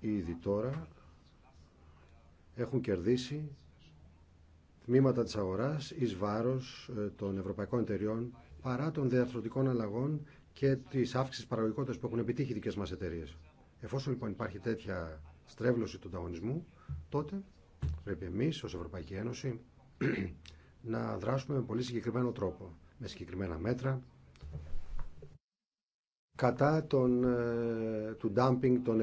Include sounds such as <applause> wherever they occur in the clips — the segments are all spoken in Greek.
ήδη τώρα έχουν κερδίσει τμήματα της αγοράς εις βάρος ε, των ευρωπαϊκών εταιριών παρά των διαρθρωτικών αλλαγών και της αύξησης παραγωγικότητας που έχουν επιτύχει οι δικές μας εταιρείες. Εφόσον λοιπόν υπάρχει τέτοια στρέβλωση του ανταγωνισμού, τότε πρέπει εμείς ως Ευρωπαϊκή Ένωση <clears throat> να δράσουμε με πολύ συγκεκριμένο τρόπο, με συγκεκριμένα μέτρα, κατά τον, ε, του dumping των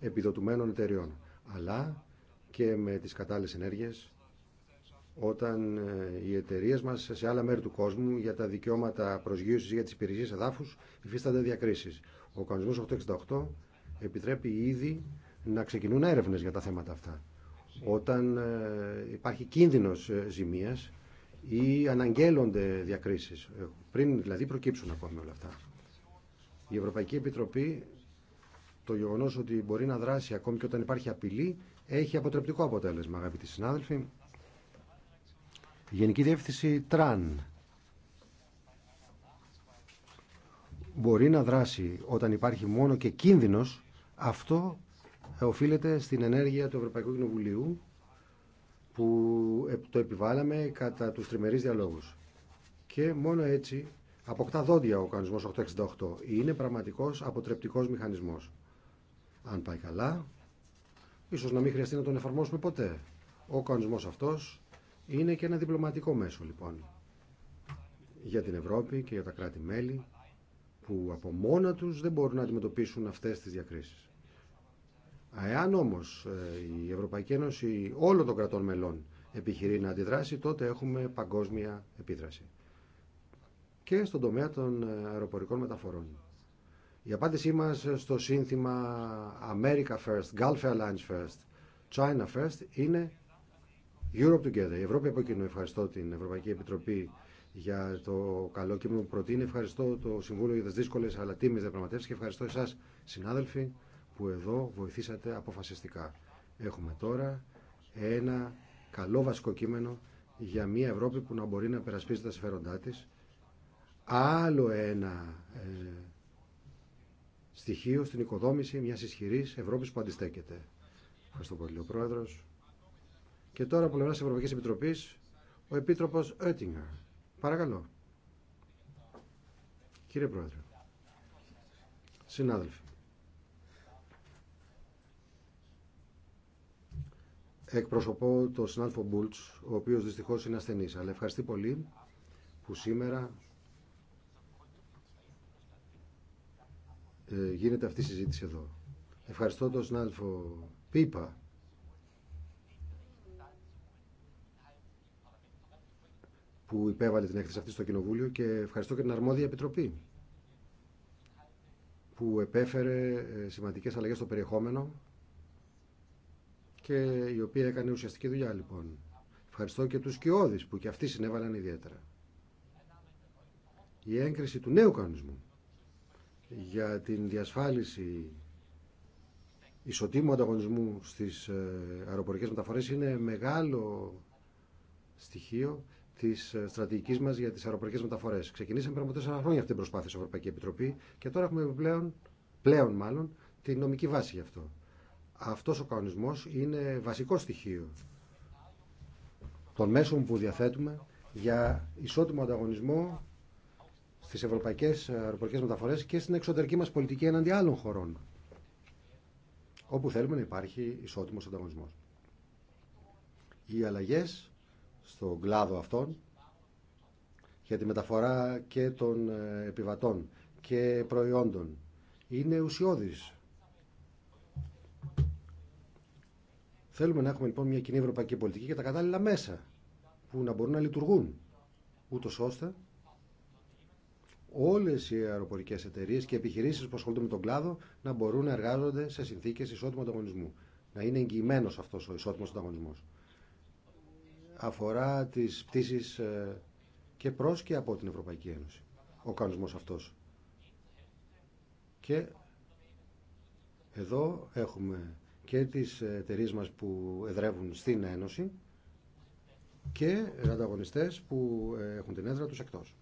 επιδοτουμένων εταιριών, αλλά και με τις κατάλληλες ενέργειες όταν ε, οι εταιρείε μα σε άλλα μέρη του κόσμου για τα δικαιώματα προσγείωση για τι υπηρεσίε εδάφου υφίστανται διακρίσει. Ο κανονισμό 868 επιτρέπει ήδη να ξεκινούν έρευνε για τα θέματα αυτά. Όταν ε, υπάρχει κίνδυνο ζημία ή αναγγέλλονται διακρίσει, πριν δηλαδή προκύψουν ακόμη όλα αυτά. Η Ευρωπαϊκή Επιτροπή το γεγονό ότι μπορεί να δράσει ακόμη και όταν υπάρχει απειλή έχει αποτρεπτικό αποτέλεσμα, αγαπητοί συνάδελφοι. Η Γενική Διεύθυνση Τραν μπορεί να δράσει όταν υπάρχει μόνο και κίνδυνος. Αυτό οφείλεται στην ενέργεια του Ευρωπαϊκού Κοινοβουλίου που το επιβάλαμε κατά τους τριμερείς διαλόγους. Και μόνο έτσι Αποκτά δόντια ο κανονισμός 868. Είναι πραγματικός αποτρεπτικός μηχανισμός. Αν πάει καλά, ίσως να μην χρειαστεί να τον εφαρμόσουμε ποτέ. Ο κανονισμός αυτός είναι και ένα διπλωματικό μέσο λοιπόν για την Ευρώπη και για τα κράτη-μέλη που από μόνα τους δεν μπορούν να αντιμετωπίσουν αυτές τις διακρίσεις. Εάν όμως ε, η Ευρωπαϊκή Ένωση όλων των κρατών μελών επιχειρεί να αντιδράσει, τότε έχουμε παγκόσμια επίδραση και στον τομέα των ε, αεροπορικών μεταφορών. Η απάντησή μας στο σύνθημα America First, Gulf Airlines First, China First είναι Europe Together. Η Ευρώπη από εκείνο ευχαριστώ την Ευρωπαϊκή Επιτροπή για το καλό κείμενο που προτείνει. Ευχαριστώ το Συμβούλιο για τι δύσκολε αλλά τίμιε διαπραγματεύσει και ευχαριστώ εσά, συνάδελφοι, που εδώ βοηθήσατε αποφασιστικά. Έχουμε τώρα ένα καλό βασικό κείμενο για μια Ευρώπη που να μπορεί να περασπίζει τα συμφέροντά τη άλλο ένα ε, στοιχείο στην οικοδόμηση μιας ισχυρής Ευρώπης που αντιστέκεται. Ευχαριστώ πολύ ο Πρόεδρος. Και τώρα από πλευρά τη Ευρωπαϊκή Επιτροπή, ο Επίτροπο Έτιγκερ. Παρακαλώ. Κύριε Πρόεδρε. Συνάδελφοι. Εκπροσωπώ τον συνάδελφο Μπούλτ, ο οποίο δυστυχώ είναι ασθενή. Αλλά ευχαριστεί πολύ που σήμερα Ε, γίνεται αυτή η συζήτηση εδώ. Ευχαριστώ τον συνάδελφο Πίπα. που υπέβαλε την έκθεση αυτή στο Κοινοβούλιο και ευχαριστώ και την αρμόδια επιτροπή που επέφερε ε, σημαντικές αλλαγές στο περιεχόμενο και η οποία έκανε ουσιαστική δουλειά λοιπόν. Ευχαριστώ και τους Κιώδης που και αυτοί συνέβαλαν ιδιαίτερα. Η έγκριση του νέου κανονισμού για την διασφάλιση ισοτήμου ανταγωνισμού στις ε, αεροπορικές μεταφορές είναι μεγάλο στοιχείο τη ε, στρατηγική μα για τι αεροπορικές μεταφορέ. Ξεκινήσαμε πριν από τέσσερα χρόνια αυτή την προσπάθεια στην Ευρωπαϊκή Επιτροπή και τώρα έχουμε πλέον, πλέον μάλλον, την νομική βάση γι' αυτό. Αυτό ο κανονισμό είναι βασικό στοιχείο των μέσων που διαθέτουμε για ισότιμο ανταγωνισμό στις ευρωπαϊκές ε, αεροπορικέ μεταφορές και στην εξωτερική μας πολιτική έναντι άλλων χωρών όπου θέλουμε να υπάρχει ισότιμο ανταγωνισμός. Οι αλλαγές στον κλάδο αυτών για τη μεταφορά και των ε, επιβατών και προϊόντων είναι ουσιώδης. Θέλουμε να έχουμε λοιπόν μια κοινή ευρωπαϊκή πολιτική και τα κατάλληλα μέσα που να μπορούν να λειτουργούν ούτως ώστε όλες οι αεροπορικές εταιρείε και επιχειρήσεις που ασχολούνται με τον κλάδο να μπορούν να εργάζονται σε συνθήκες ισότιμου ανταγωνισμού. Να είναι εγγυημένο αυτός ο ισότιμο ανταγωνισμό. Αφορά τις πτήσεις ε, και προς και από την Ευρωπαϊκή Ένωση. Ο κανονισμός αυτός. Και εδώ έχουμε και τις εταιρείε μας που εδρεύουν στην Ένωση και ανταγωνιστές που ε, έχουν την έδρα τους εκτός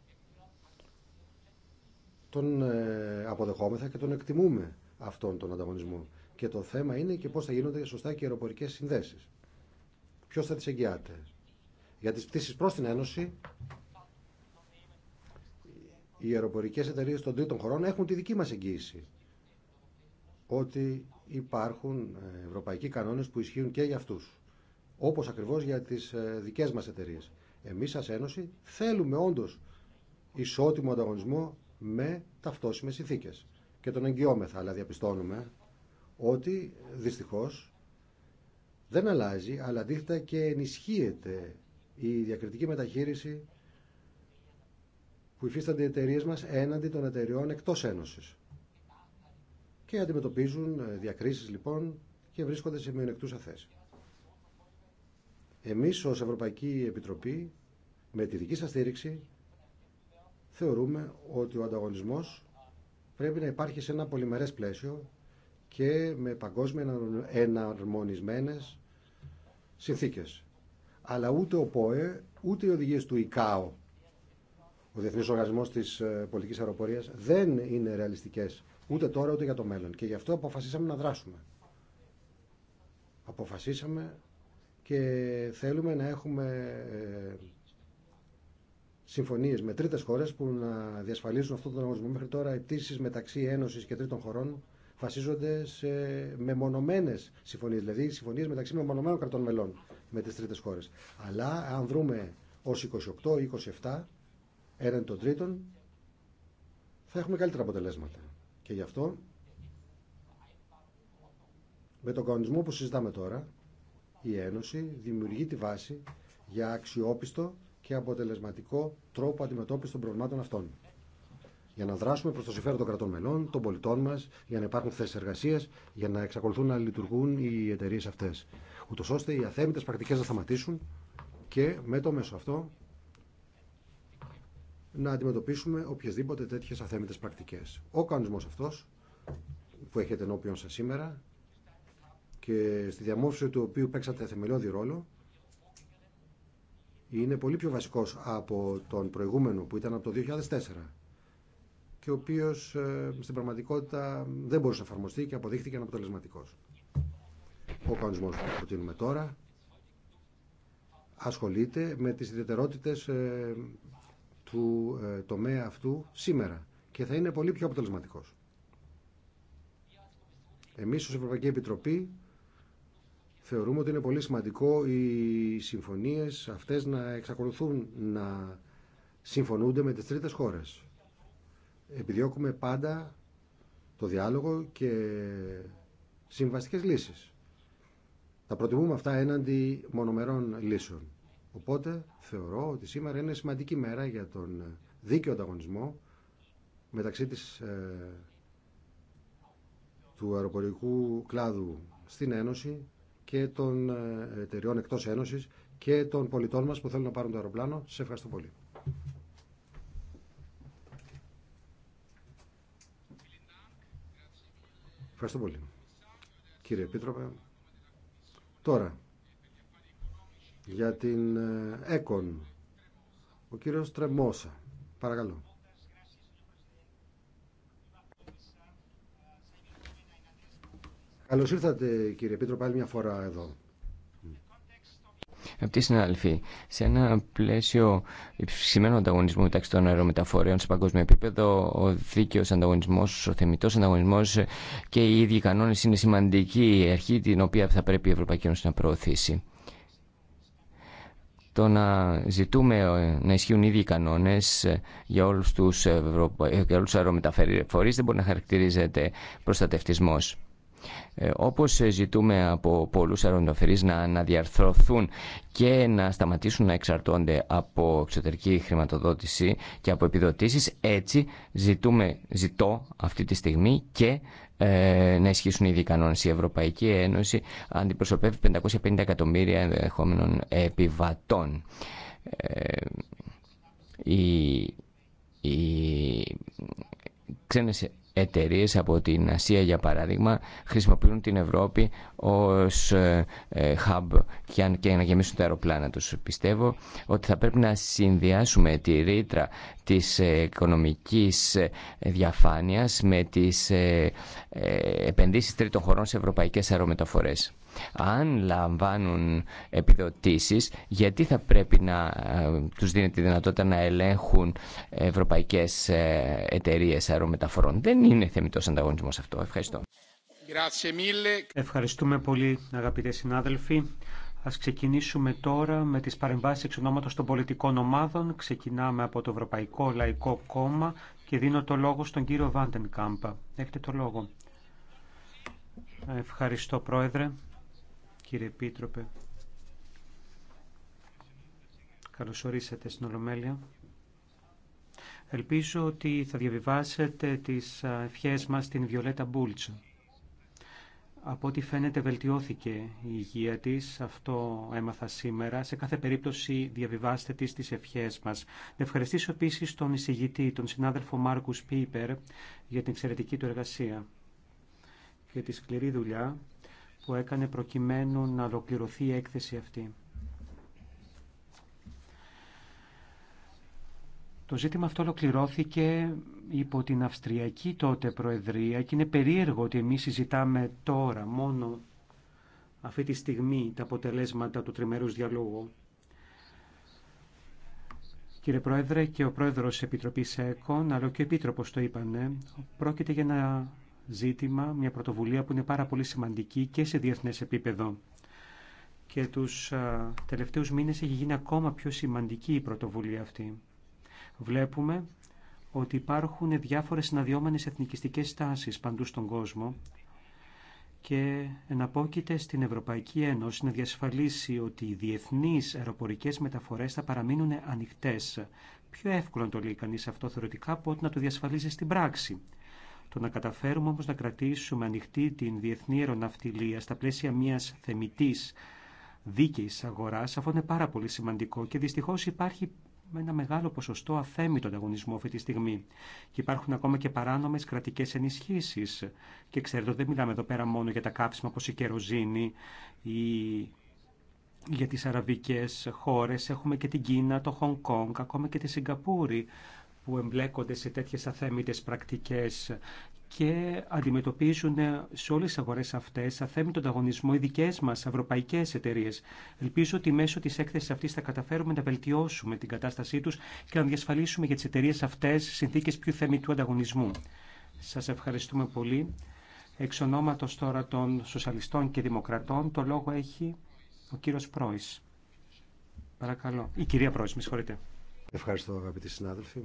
τον ε, αποδεχόμεθα και τον εκτιμούμε αυτόν τον ανταγωνισμό. Και το θέμα είναι και πώς θα γίνονται σωστά και αεροπορικέ συνδέσεις. Ποιος θα τις εγγυάται. Για τις πτήσεις προς την Ένωση, οι αεροπορικές εταιρείε των τρίτων χωρών έχουν τη δική μας εγγύηση. Ότι υπάρχουν ε, ευρωπαϊκοί κανόνες που ισχύουν και για αυτούς. Όπως ακριβώς για τις ε, δικές μας εταιρείε. Εμείς, σαν Ένωση, θέλουμε όντως ισότιμο ανταγωνισμό με ταυτόσιμες συνθήκε. Και τον εγγυόμεθα, αλλά διαπιστώνουμε ότι δυστυχώς δεν αλλάζει, αλλά αντίθετα και ενισχύεται η διακριτική μεταχείριση που υφίστανται οι εταιρείε μας έναντι των εταιρεών εκτός Ένωσης. Και αντιμετωπίζουν ε, διακρίσεις λοιπόν και βρίσκονται σε μειονεκτούσα θέση. Εμείς ως Ευρωπαϊκή Επιτροπή με τη δική σας στήριξη θεωρούμε ότι ο ανταγωνισμός πρέπει να υπάρχει σε ένα πολυμερές πλαίσιο και με παγκόσμια εναρμονισμένες συνθήκες. Αλλά ούτε ο ΠΟΕ, ούτε οι οδηγίες του ΙΚΑΟ, ο Διεθνής Οργανισμός της ε, Πολιτικής Αεροπορίας, δεν είναι ρεαλιστικές ούτε τώρα ούτε για το μέλλον. Και γι' αυτό αποφασίσαμε να δράσουμε. Αποφασίσαμε και θέλουμε να έχουμε ε, συμφωνίε με τρίτε χώρε που να διασφαλίζουν αυτόν τον αγωνισμό. Μέχρι τώρα οι μεταξύ Ένωση και τρίτων χωρών βασίζονται σε μεμονωμένε συμφωνίε, δηλαδή συμφωνίε μεταξύ μεμονωμένων κρατών μελών με τι τρίτε χώρε. Αλλά αν βρούμε ω 28 ή 27 έναν των τρίτων, θα έχουμε καλύτερα αποτελέσματα. Και γι' αυτό με τον κανονισμό που συζητάμε τώρα, η Ένωση δημιουργεί τη βάση για αξιόπιστο και αποτελεσματικό τρόπο αντιμετώπιση των προβλημάτων αυτών. Για να δράσουμε προ το συμφέρον των κρατών μελών, των πολιτών μα, για να υπάρχουν θέσει εργασία, για να εξακολουθούν να λειτουργούν οι εταιρείε αυτέ. Ούτω ώστε οι αθέμητε πρακτικέ να σταματήσουν και με το μέσο αυτό να αντιμετωπίσουμε οποιασδήποτε τέτοιε αθέμητε πρακτικέ. Ο κανονισμό αυτό που έχετε ενώπιον σα σήμερα και στη διαμόρφωση του οποίου παίξατε θεμελιώδη ρόλο είναι πολύ πιο βασικός από τον προηγούμενο που ήταν από το 2004 και ο οποίος ε, στην πραγματικότητα δεν μπορούσε να εφαρμοστεί και αποδείχθηκε αναποτελεσματικός. Ο κανονισμός που προτείνουμε τώρα ασχολείται με τις ιδιαιτερότητες ε, του ε, τομέα αυτού σήμερα και θα είναι πολύ πιο αποτελεσματικός. Εμείς ως Ευρωπαϊκή Επιτροπή θεωρούμε ότι είναι πολύ σημαντικό οι συμφωνίες αυτές να εξακολουθούν να συμφωνούνται με τις τρίτες χώρες. Επιδιώκουμε πάντα το διάλογο και συμβαστικές λύσεις. Τα προτιμούμε αυτά έναντι μονομερών λύσεων. Οπότε θεωρώ ότι σήμερα είναι σημαντική μέρα για τον δίκαιο ανταγωνισμό μεταξύ της, ε, του αεροπορικού κλάδου στην Ένωση και των ε, εταιριών εκτός Ένωσης και των πολιτών μας που θέλουν να πάρουν το αεροπλάνο. Σε ευχαριστώ πολύ. Ευχαριστώ πολύ. Κύριε Επίτροπε, τώρα για την ε, ΕΚΟΝ, ο κύριος Τρεμόσα, παρακαλώ. Καλώ ήρθατε κύριε Πίτρο πάλι μια φορά εδώ. Αυτή συνάδελφοι, σε ένα πλαίσιο υψημένου ανταγωνισμού μεταξύ των αερομεταφορέων σε παγκόσμιο επίπεδο, ο δίκαιο ανταγωνισμό, ο θεμητό ανταγωνισμό και οι ίδιοι κανόνε είναι σημαντική αρχή την οποία θα πρέπει η Ευρωπαϊκή Ένωση να προωθήσει. Το να ζητούμε ε, να ισχύουν οι ίδιοι κανόνε ε, για όλου του ε, αερομεταφορεί δεν μπορεί να χαρακτηρίζεται προστατευτισμό. Ε, όπως ε, ζητούμε από πολλούς αερονοφερείς να αναδιαρθρωθούν και να σταματήσουν να εξαρτώνται από εξωτερική χρηματοδότηση και από επιδοτήσεις, έτσι ζητούμε, ζητώ αυτή τη στιγμή και ε, να ισχύσουν ήδη οι κανόνες. Η Ευρωπαϊκή Ένωση αντιπροσωπεύει 550 εκατομμύρια ενδεχόμενων επιβατών ξένες εταιρείε από την Ασία για παράδειγμα χρησιμοποιούν την Ευρώπη ως ε, ε, hub και να γεμίσουν τα αεροπλάνα τους. Πιστεύω ότι θα πρέπει να συνδυάσουμε τη ρήτρα της ε, οικονομικής διαφάνειας με τις επενδύσεις τρίτων χωρών σε ευρωπαϊκές αερομεταφορές αν λαμβάνουν επιδοτήσεις, γιατί θα πρέπει να ε, τους δίνεται τη δυνατότητα να ελέγχουν ευρωπαϊκές ε, εταιρείε αερομεταφορών. Δεν είναι θεμητός ανταγωνισμός αυτό. Ευχαριστώ. Ευχαριστούμε πολύ αγαπητέ συνάδελφοι. Ας ξεκινήσουμε τώρα με τις παρεμβάσεις εξ ονόματος των πολιτικών ομάδων. Ξεκινάμε από το Ευρωπαϊκό Λαϊκό Κόμμα και δίνω το λόγο στον κύριο Βάντεν Κάμπα. Έχετε το λόγο. Ευχαριστώ Πρόεδρε κύριε Επίτροπε. Καλωσορίσατε στην Ολομέλεια. Ελπίζω ότι θα διαβιβάσετε τις ευχές μας στην Βιολέτα Μπούλτσο. Από ό,τι φαίνεται βελτιώθηκε η υγεία της, αυτό έμαθα σήμερα. Σε κάθε περίπτωση διαβιβάστε τις τις ευχές μας. Να ευχαριστήσω επίσης τον εισηγητή, τον συνάδελφο Μάρκους Πίπερ, για την εξαιρετική του εργασία και τη σκληρή δουλειά που έκανε προκειμένου να ολοκληρωθεί η έκθεση αυτή. Το ζήτημα αυτό ολοκληρώθηκε υπό την Αυστριακή τότε Προεδρία και είναι περίεργο ότι εμείς συζητάμε τώρα μόνο αυτή τη στιγμή τα αποτελέσματα του τριμερούς διαλόγου. Κύριε Πρόεδρε και ο Πρόεδρος Επιτροπής ΕΚΟΝ αλλά και ο Επίτροπος το είπανε, πρόκειται για να ζήτημα, μια πρωτοβουλία που είναι πάρα πολύ σημαντική και σε διεθνές επίπεδο. Και τους τελευταίους μήνες έχει γίνει ακόμα πιο σημαντική η πρωτοβουλία αυτή. Βλέπουμε ότι υπάρχουν διάφορες συναδιόμενες εθνικιστικές στάσεις παντού στον κόσμο και εναπόκειται στην Ευρωπαϊκή Ένωση να διασφαλίσει ότι οι διεθνείς αεροπορικές μεταφορές θα παραμείνουν ανοιχτές. Πιο εύκολο να το λέει κανείς αυτό θεωρητικά από ότι να το διασφαλίζει στην πράξη. Το να καταφέρουμε όμως να κρατήσουμε ανοιχτή την διεθνή αεροναυτιλία στα πλαίσια μιας θεμητής δίκαιης αγοράς, αυτό είναι πάρα πολύ σημαντικό και δυστυχώς υπάρχει με ένα μεγάλο ποσοστό αθέμητο ανταγωνισμό αυτή τη στιγμή. Και υπάρχουν ακόμα και παράνομε κρατικέ ενισχύσει. Και ξέρετε, δεν μιλάμε εδώ πέρα μόνο για τα κάψιμα όπω η κεροζίνη ή για τι αραβικέ χώρε Έχουμε και την Κίνα, το Χονγκ Κόνγκ, ακόμα και τη Σιγκαπούρη που εμπλέκονται σε τέτοιες αθέμητες πρακτικές και αντιμετωπίζουν σε όλες τις αγορές αυτές αθέμητο ανταγωνισμό οι δικές μας ευρωπαϊκές εταιρείες. Ελπίζω ότι μέσω της έκθεσης αυτής θα καταφέρουμε να βελτιώσουμε την κατάστασή τους και να διασφαλίσουμε για τις εταιρείες αυτές συνθήκες πιο θεμητού ανταγωνισμού. Σας ευχαριστούμε πολύ. Εξ ονόματος τώρα των Σοσιαλιστών και Δημοκρατών το λόγο έχει ο κύριος Πρόης. Παρακαλώ. Η κυρία Πρόης, με συγχωρείτε. Ευχαριστώ αγαπητοί συνάδελφοι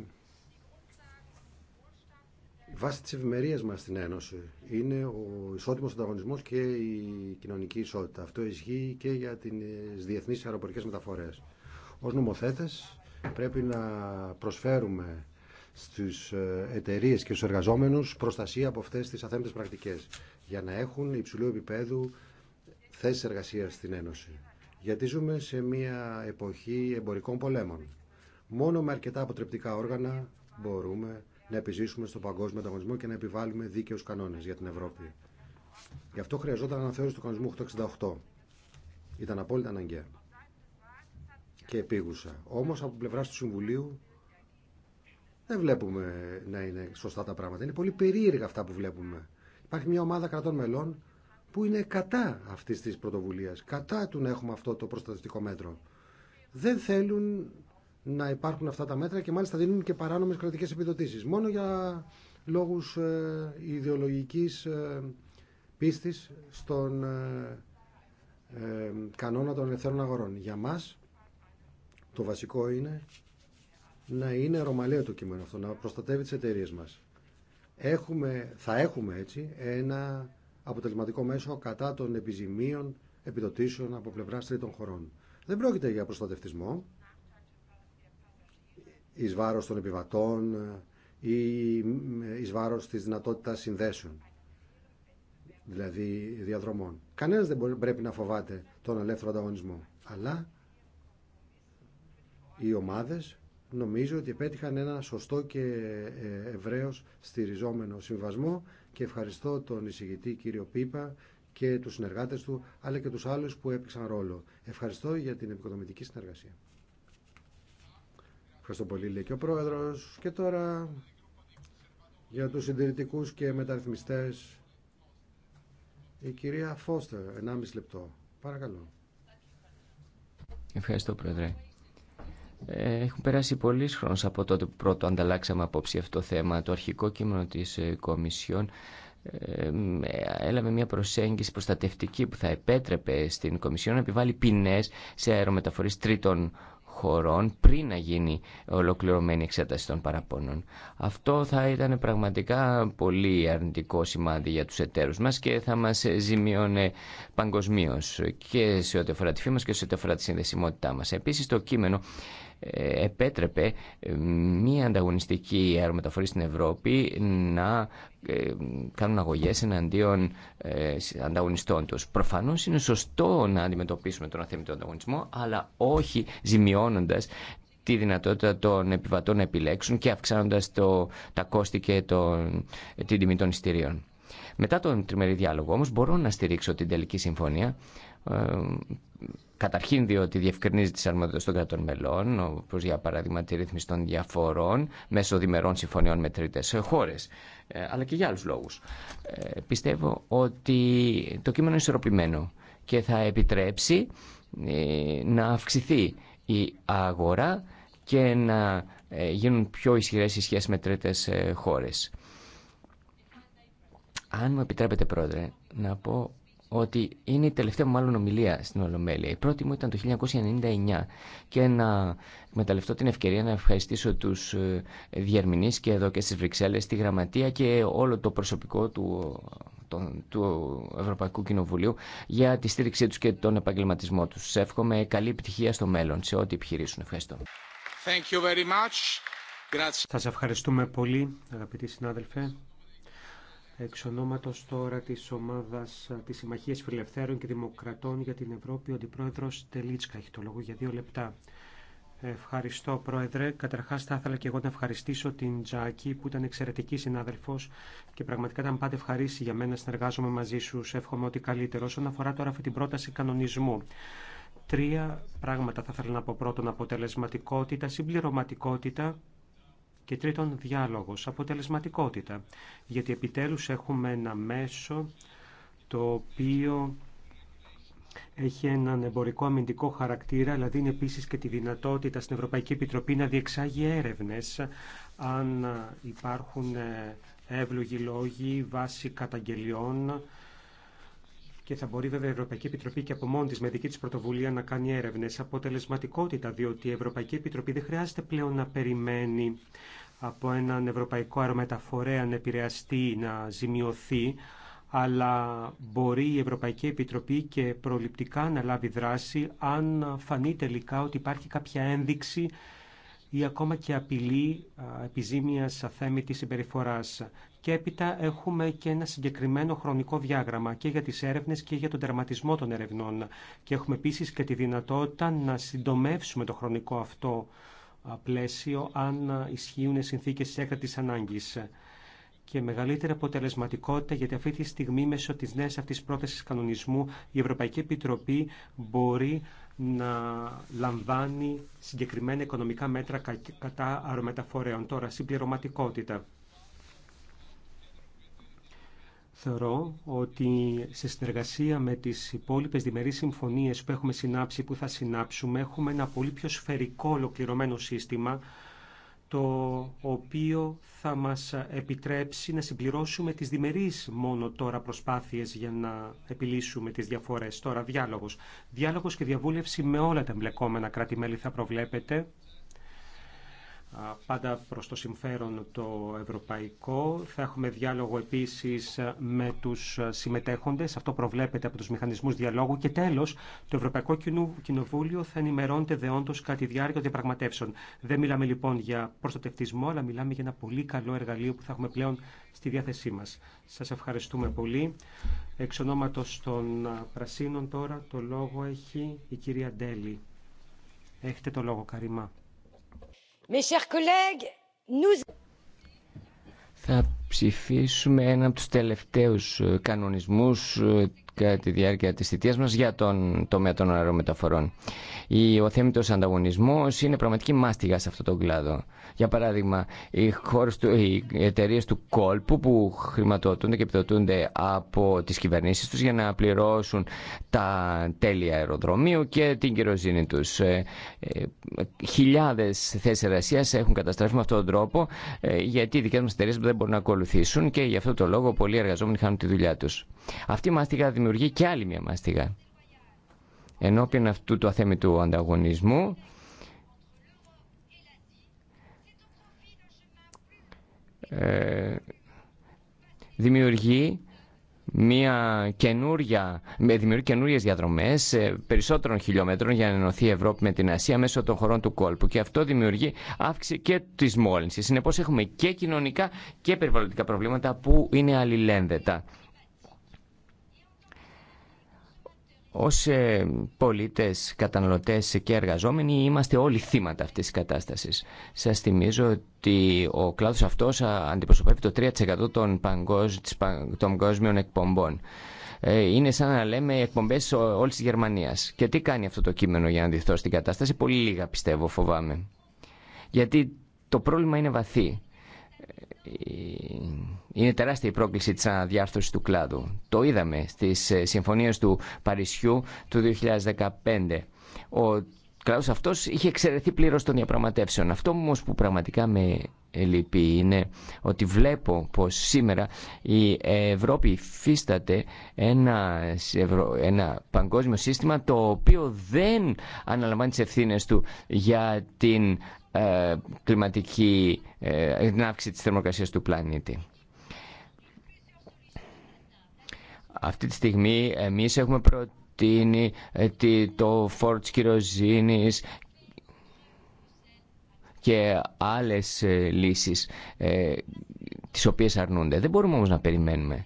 βάση τη ευημερία μα στην Ένωση είναι ο ισότιμο ανταγωνισμό και η κοινωνική ισότητα. Αυτό ισχύει και για ε, τι διεθνεί αεροπορικέ μεταφορέ. Ω νομοθέτε, πρέπει να προσφέρουμε στι ε, εταιρείε και στου εργαζόμενου προστασία από αυτέ τι αθέμητε πρακτικέ, για να έχουν υψηλού επίπεδου θέσει εργασία στην Ένωση. Γιατί ζούμε σε μια εποχή εμπορικών πολέμων. Μόνο με αρκετά αποτρεπτικά όργανα μπορούμε να επιζήσουμε στον παγκόσμιο ανταγωνισμό και να επιβάλλουμε δίκαιου κανόνε για την Ευρώπη. Γι' αυτό χρειαζόταν αναθεώρηση του κανονισμού 868. Ήταν απόλυτα αναγκαία και επίγουσα. Όμω από πλευρά του Συμβουλίου δεν βλέπουμε να είναι σωστά τα πράγματα. Είναι πολύ περίεργα αυτά που βλέπουμε. Υπάρχει μια ομάδα κρατών μελών που είναι κατά αυτή τη πρωτοβουλία, κατά του να έχουμε αυτό το προστατευτικό μέτρο. Δεν θέλουν να υπάρχουν αυτά τα μέτρα και μάλιστα δίνουν και παράνομε κρατικές επιδοτήσεις. Μόνο για λόγους ε, ιδεολογικής ε, πίστης στον ε, κανόνα των ελευθέρων αγορών. Για μας το βασικό είναι να είναι ρωμαλαίο το κείμενο αυτό, να προστατεύει τι εταιρείε μας. Έχουμε, θα έχουμε έτσι ένα αποτελεσματικό μέσο κατά των επιζημίων επιδοτήσεων από πλευρά τρίτων χωρών. Δεν πρόκειται για προστατευτισμό, εις βάρος των επιβατών ε, ή ε, εις βάρος της δυνατότητας συνδέσεων, δηλαδή διαδρομών. Κανένας δεν πρέπει να φοβάται τον ελεύθερο ανταγωνισμό, αλλά οι ομάδες νομίζω ότι επέτυχαν ένα σωστό και ε, ευρέως στηριζόμενο συμβασμό και ευχαριστώ τον εισηγητή κύριο Πίπα και τους συνεργάτες του, αλλά και τους άλλους που έπαιξαν ρόλο. Ευχαριστώ για την επικοδομητική συνεργασία. Ευχαριστώ πολύ, λέει και ο πρόεδρο Και τώρα για τους συντηρητικού και μεταρρυθμιστές η κυρία Φώστερ, 1,5 λεπτό. Παρακαλώ. Ευχαριστώ, Πρόεδρε. Ε, έχουν περάσει πολλοί χρόνος από τότε που πρώτο ανταλλάξαμε απόψη αυτό το θέμα. Το αρχικό κείμενο της ε, Κομισιόν ε, έλαβε μια προσέγγιση προστατευτική που θα επέτρεπε στην Κομισιόν να επιβάλλει ποινές σε αερομεταφορείς τρίτων χωρών πριν να γίνει ολοκληρωμένη εξέταση των παραπώνων. Αυτό θα ήταν πραγματικά πολύ αρνητικό σημάδι για τους εταίρους μας και θα μας ζημιώνε παγκοσμίω και σε ό,τι αφορά τη φήμα μας και σε ό,τι αφορά τη συνδεσιμότητά μας. Επίσης το κείμενο επέτρεπε ε, μία ανταγωνιστική αερομεταφορή στην Ευρώπη να ε, κάνουν αγωγές εναντίον ε, ανταγωνιστών τους. Προφανώς είναι σωστό να αντιμετωπίσουμε τον αθέμητο ανταγωνισμό, αλλά όχι ζημιώνοντας τη δυνατότητα των επιβατών να επιλέξουν και αυξάνοντας το, τα κόστη και τον, την τιμή των εισιτηρίων. Μετά τον τριμερή διάλογο όμως μπορώ να στηρίξω την τελική συμφωνία Καταρχήν διότι διευκρινίζει τις αρμοδιότητες των κρατών μελών, όπως για παράδειγμα τη ρύθμιση των διαφορών μέσω διμερών συμφωνιών με τρίτες χώρες, ε, αλλά και για άλλους λόγους. Ε, πιστεύω ότι το κείμενο είναι ισορροπημένο και θα επιτρέψει ε, να αυξηθεί η αγορά και να γίνουν πιο ισχυρές οι σχέσεις με τρίτες χώρες. Αν μου επιτρέπετε, Πρόεδρε, να πω ότι είναι η τελευταία μου μάλλον ομιλία στην Ολομέλεια. Η πρώτη μου ήταν το 1999 και να εκμεταλλευτώ την ευκαιρία να ευχαριστήσω τους ε, διερμηνείς και εδώ και στις Βρυξέλλες, τη Γραμματεία και όλο το προσωπικό του, του Ευρωπαϊκού Κοινοβουλίου για τη στήριξή τους και τον επαγγελματισμό τους. Σε εύχομαι καλή επιτυχία στο μέλλον σε ό,τι επιχειρήσουν. Ευχαριστώ. ευχαριστούμε πολύ αγαπητοί συνάδελφε. Εξ ονόματος τώρα της ομάδας της Συμμαχίας Φιλελευθέρων και Δημοκρατών για την Ευρώπη, ο Αντιπρόεδρος Τελίτσκα έχει το λόγο για δύο λεπτά. Ευχαριστώ, Πρόεδρε. Καταρχάς, θα ήθελα και εγώ να ευχαριστήσω την Τζάκη, που ήταν εξαιρετική συνάδελφος και πραγματικά ήταν πάντα ευχαρίστη για μένα να συνεργάζομαι μαζί σου. Σε εύχομαι ότι καλύτερο. Όσον αφορά τώρα αυτή την πρόταση κανονισμού, τρία πράγματα θα ήθελα να πω. Πρώτον, αποτελεσματικότητα, συμπληρωματικότητα και τρίτον, διάλογος, αποτελεσματικότητα. Γιατί επιτέλους έχουμε ένα μέσο το οποίο έχει έναν εμπορικό αμυντικό χαρακτήρα, αλλά δηλαδή δίνει επίση και τη δυνατότητα στην Ευρωπαϊκή Επιτροπή να διεξάγει έρευνε αν υπάρχουν εύλογοι λόγοι βάσει καταγγελιών και θα μπορεί βέβαια η Ευρωπαϊκή Επιτροπή και από μόνη τη με δική τη πρωτοβουλία να κάνει έρευνε. Αποτελεσματικότητα, διότι η Ευρωπαϊκή Επιτροπή δεν χρειάζεται πλέον να περιμένει από έναν ευρωπαϊκό αερομεταφορέα να επηρεαστεί, να ζημιωθεί, αλλά μπορεί η Ευρωπαϊκή Επιτροπή και προληπτικά να λάβει δράση αν φανεί τελικά ότι υπάρχει κάποια ένδειξη ή ακόμα και απειλή επιζήμιας αθέμητης συμπεριφοράς. Και έπειτα έχουμε και ένα συγκεκριμένο χρονικό διάγραμμα και για τις έρευνες και για τον τερματισμό των ερευνών. Και έχουμε επίσης και τη δυνατότητα να συντομεύσουμε το χρονικό αυτό πλαίσιο αν ισχύουν συνθήκες της έκτατης ανάγκης και μεγαλύτερη αποτελεσματικότητα, γιατί αυτή τη στιγμή μέσω της νέας αυτής πρόθεσης κανονισμού η Ευρωπαϊκή Επιτροπή μπορεί να λαμβάνει συγκεκριμένα οικονομικά μέτρα κατά αερομεταφορέων. Τώρα, συμπληρωματικότητα. Θεωρώ ότι σε συνεργασία με τις υπόλοιπες διμερείς συμφωνίες που έχουμε συνάψει, που θα συνάψουμε, έχουμε ένα πολύ πιο σφαιρικό ολοκληρωμένο σύστημα, το οποίο θα μας επιτρέψει να συμπληρώσουμε τις διμερείς μόνο τώρα προσπάθειες για να επιλύσουμε τις διαφορές. Τώρα διάλογος. Διάλογος και διαβούλευση με όλα τα εμπλεκόμενα κράτη-μέλη θα προβλέπετε πάντα προς το συμφέρον το ευρωπαϊκό. Θα έχουμε διάλογο επίσης με τους συμμετέχοντες. Αυτό προβλέπεται από τους μηχανισμούς διαλόγου. Και τέλος, το Ευρωπαϊκό Κοινοβούλιο θα ενημερώνεται δεόντως κατά τη διάρκεια των διαπραγματεύσεων. Δεν μιλάμε λοιπόν για προστατευτισμό, αλλά μιλάμε για ένα πολύ καλό εργαλείο που θα έχουμε πλέον στη διάθεσή μας. Σας ευχαριστούμε πολύ. Εξ ονόματος των Πρασίνων τώρα το λόγο έχει η κυρία Ντέλη. Έχετε το λόγο, Καριμά. Θα ψηφίσουμε ένα από τους τελευταίους ε, κανονισμούς ε, κατά ε, τη διάρκεια της θητείας μας για τον τομέα των αερομεταφορών. Ο θέμητος ανταγωνισμός είναι πραγματική μάστιγα σε αυτόν τον κλάδο. Για παράδειγμα, οι, χώρες του, οι εταιρείε του κόλπου που χρηματοδοτούνται και επιδοτούνται από τις κυβερνήσεις τους για να πληρώσουν τα τέλη αεροδρομίου και την κυροζήνη τους. Ε, ε, χιλιάδες θέσεις εργασίας έχουν καταστρέφει με αυτόν τον τρόπο γιατί οι δικές μας εταιρείε δεν μπορούν να ακολουθήσουν και γι' αυτό το λόγο πολλοί εργαζόμενοι χάνουν τη δουλειά τους. Αυτή η μάστιγα δημιουργεί και άλλη μια μαστιγά. Ενώπιον αυτού του αθέμητου ανταγωνισμού ε, δημιουργεί μια καινούρια, δημιουργεί καινούριε διαδρομέ περισσότερων χιλιόμετρων για να ενωθεί η Ευρώπη με την Ασία μέσω των χωρών του κόλπου. Και αυτό δημιουργεί αύξηση και τη μόλυνση. Συνεπώ, έχουμε και κοινωνικά και περιβαλλοντικά προβλήματα που είναι αλληλένδετα. Ως ε, πολίτες, καταναλωτές και εργαζόμενοι είμαστε όλοι θύματα αυτής της κατάστασης. Σας θυμίζω ότι ο κλάδος αυτός αντιπροσωπεύει το 3% των, παγκόσμιων εκπομπών. Ε, είναι σαν να λέμε εκπομπές όλης της Γερμανίας. Και τι κάνει αυτό το κείμενο για να αντιθώ στην κατάσταση. Πολύ λίγα πιστεύω, φοβάμαι. Γιατί το πρόβλημα είναι βαθύ ε, είναι τεράστια η πρόκληση της αναδιάρθρωση του κλάδου. Το είδαμε στις ε, συμφωνίε του Παρισιού του 2015. Ο κλάδος αυτός είχε εξαιρεθεί πλήρω των διαπραγματεύσεων. Αυτό όμω που πραγματικά με λυπεί είναι ότι βλέπω πως σήμερα η Ευρώπη υφίσταται ένα, ένα παγκόσμιο σύστημα το οποίο δεν αναλαμβάνει τι ευθύνε του για την ε, κλιματική, ε, αύξηση της θερμοκρασίας του πλανήτη. Αυτή τη στιγμή εμείς έχουμε προτείνει ε, το φόρτς και άλλες ε, λύσεις ε, τις οποίες αρνούνται. Δεν μπορούμε όμως να περιμένουμε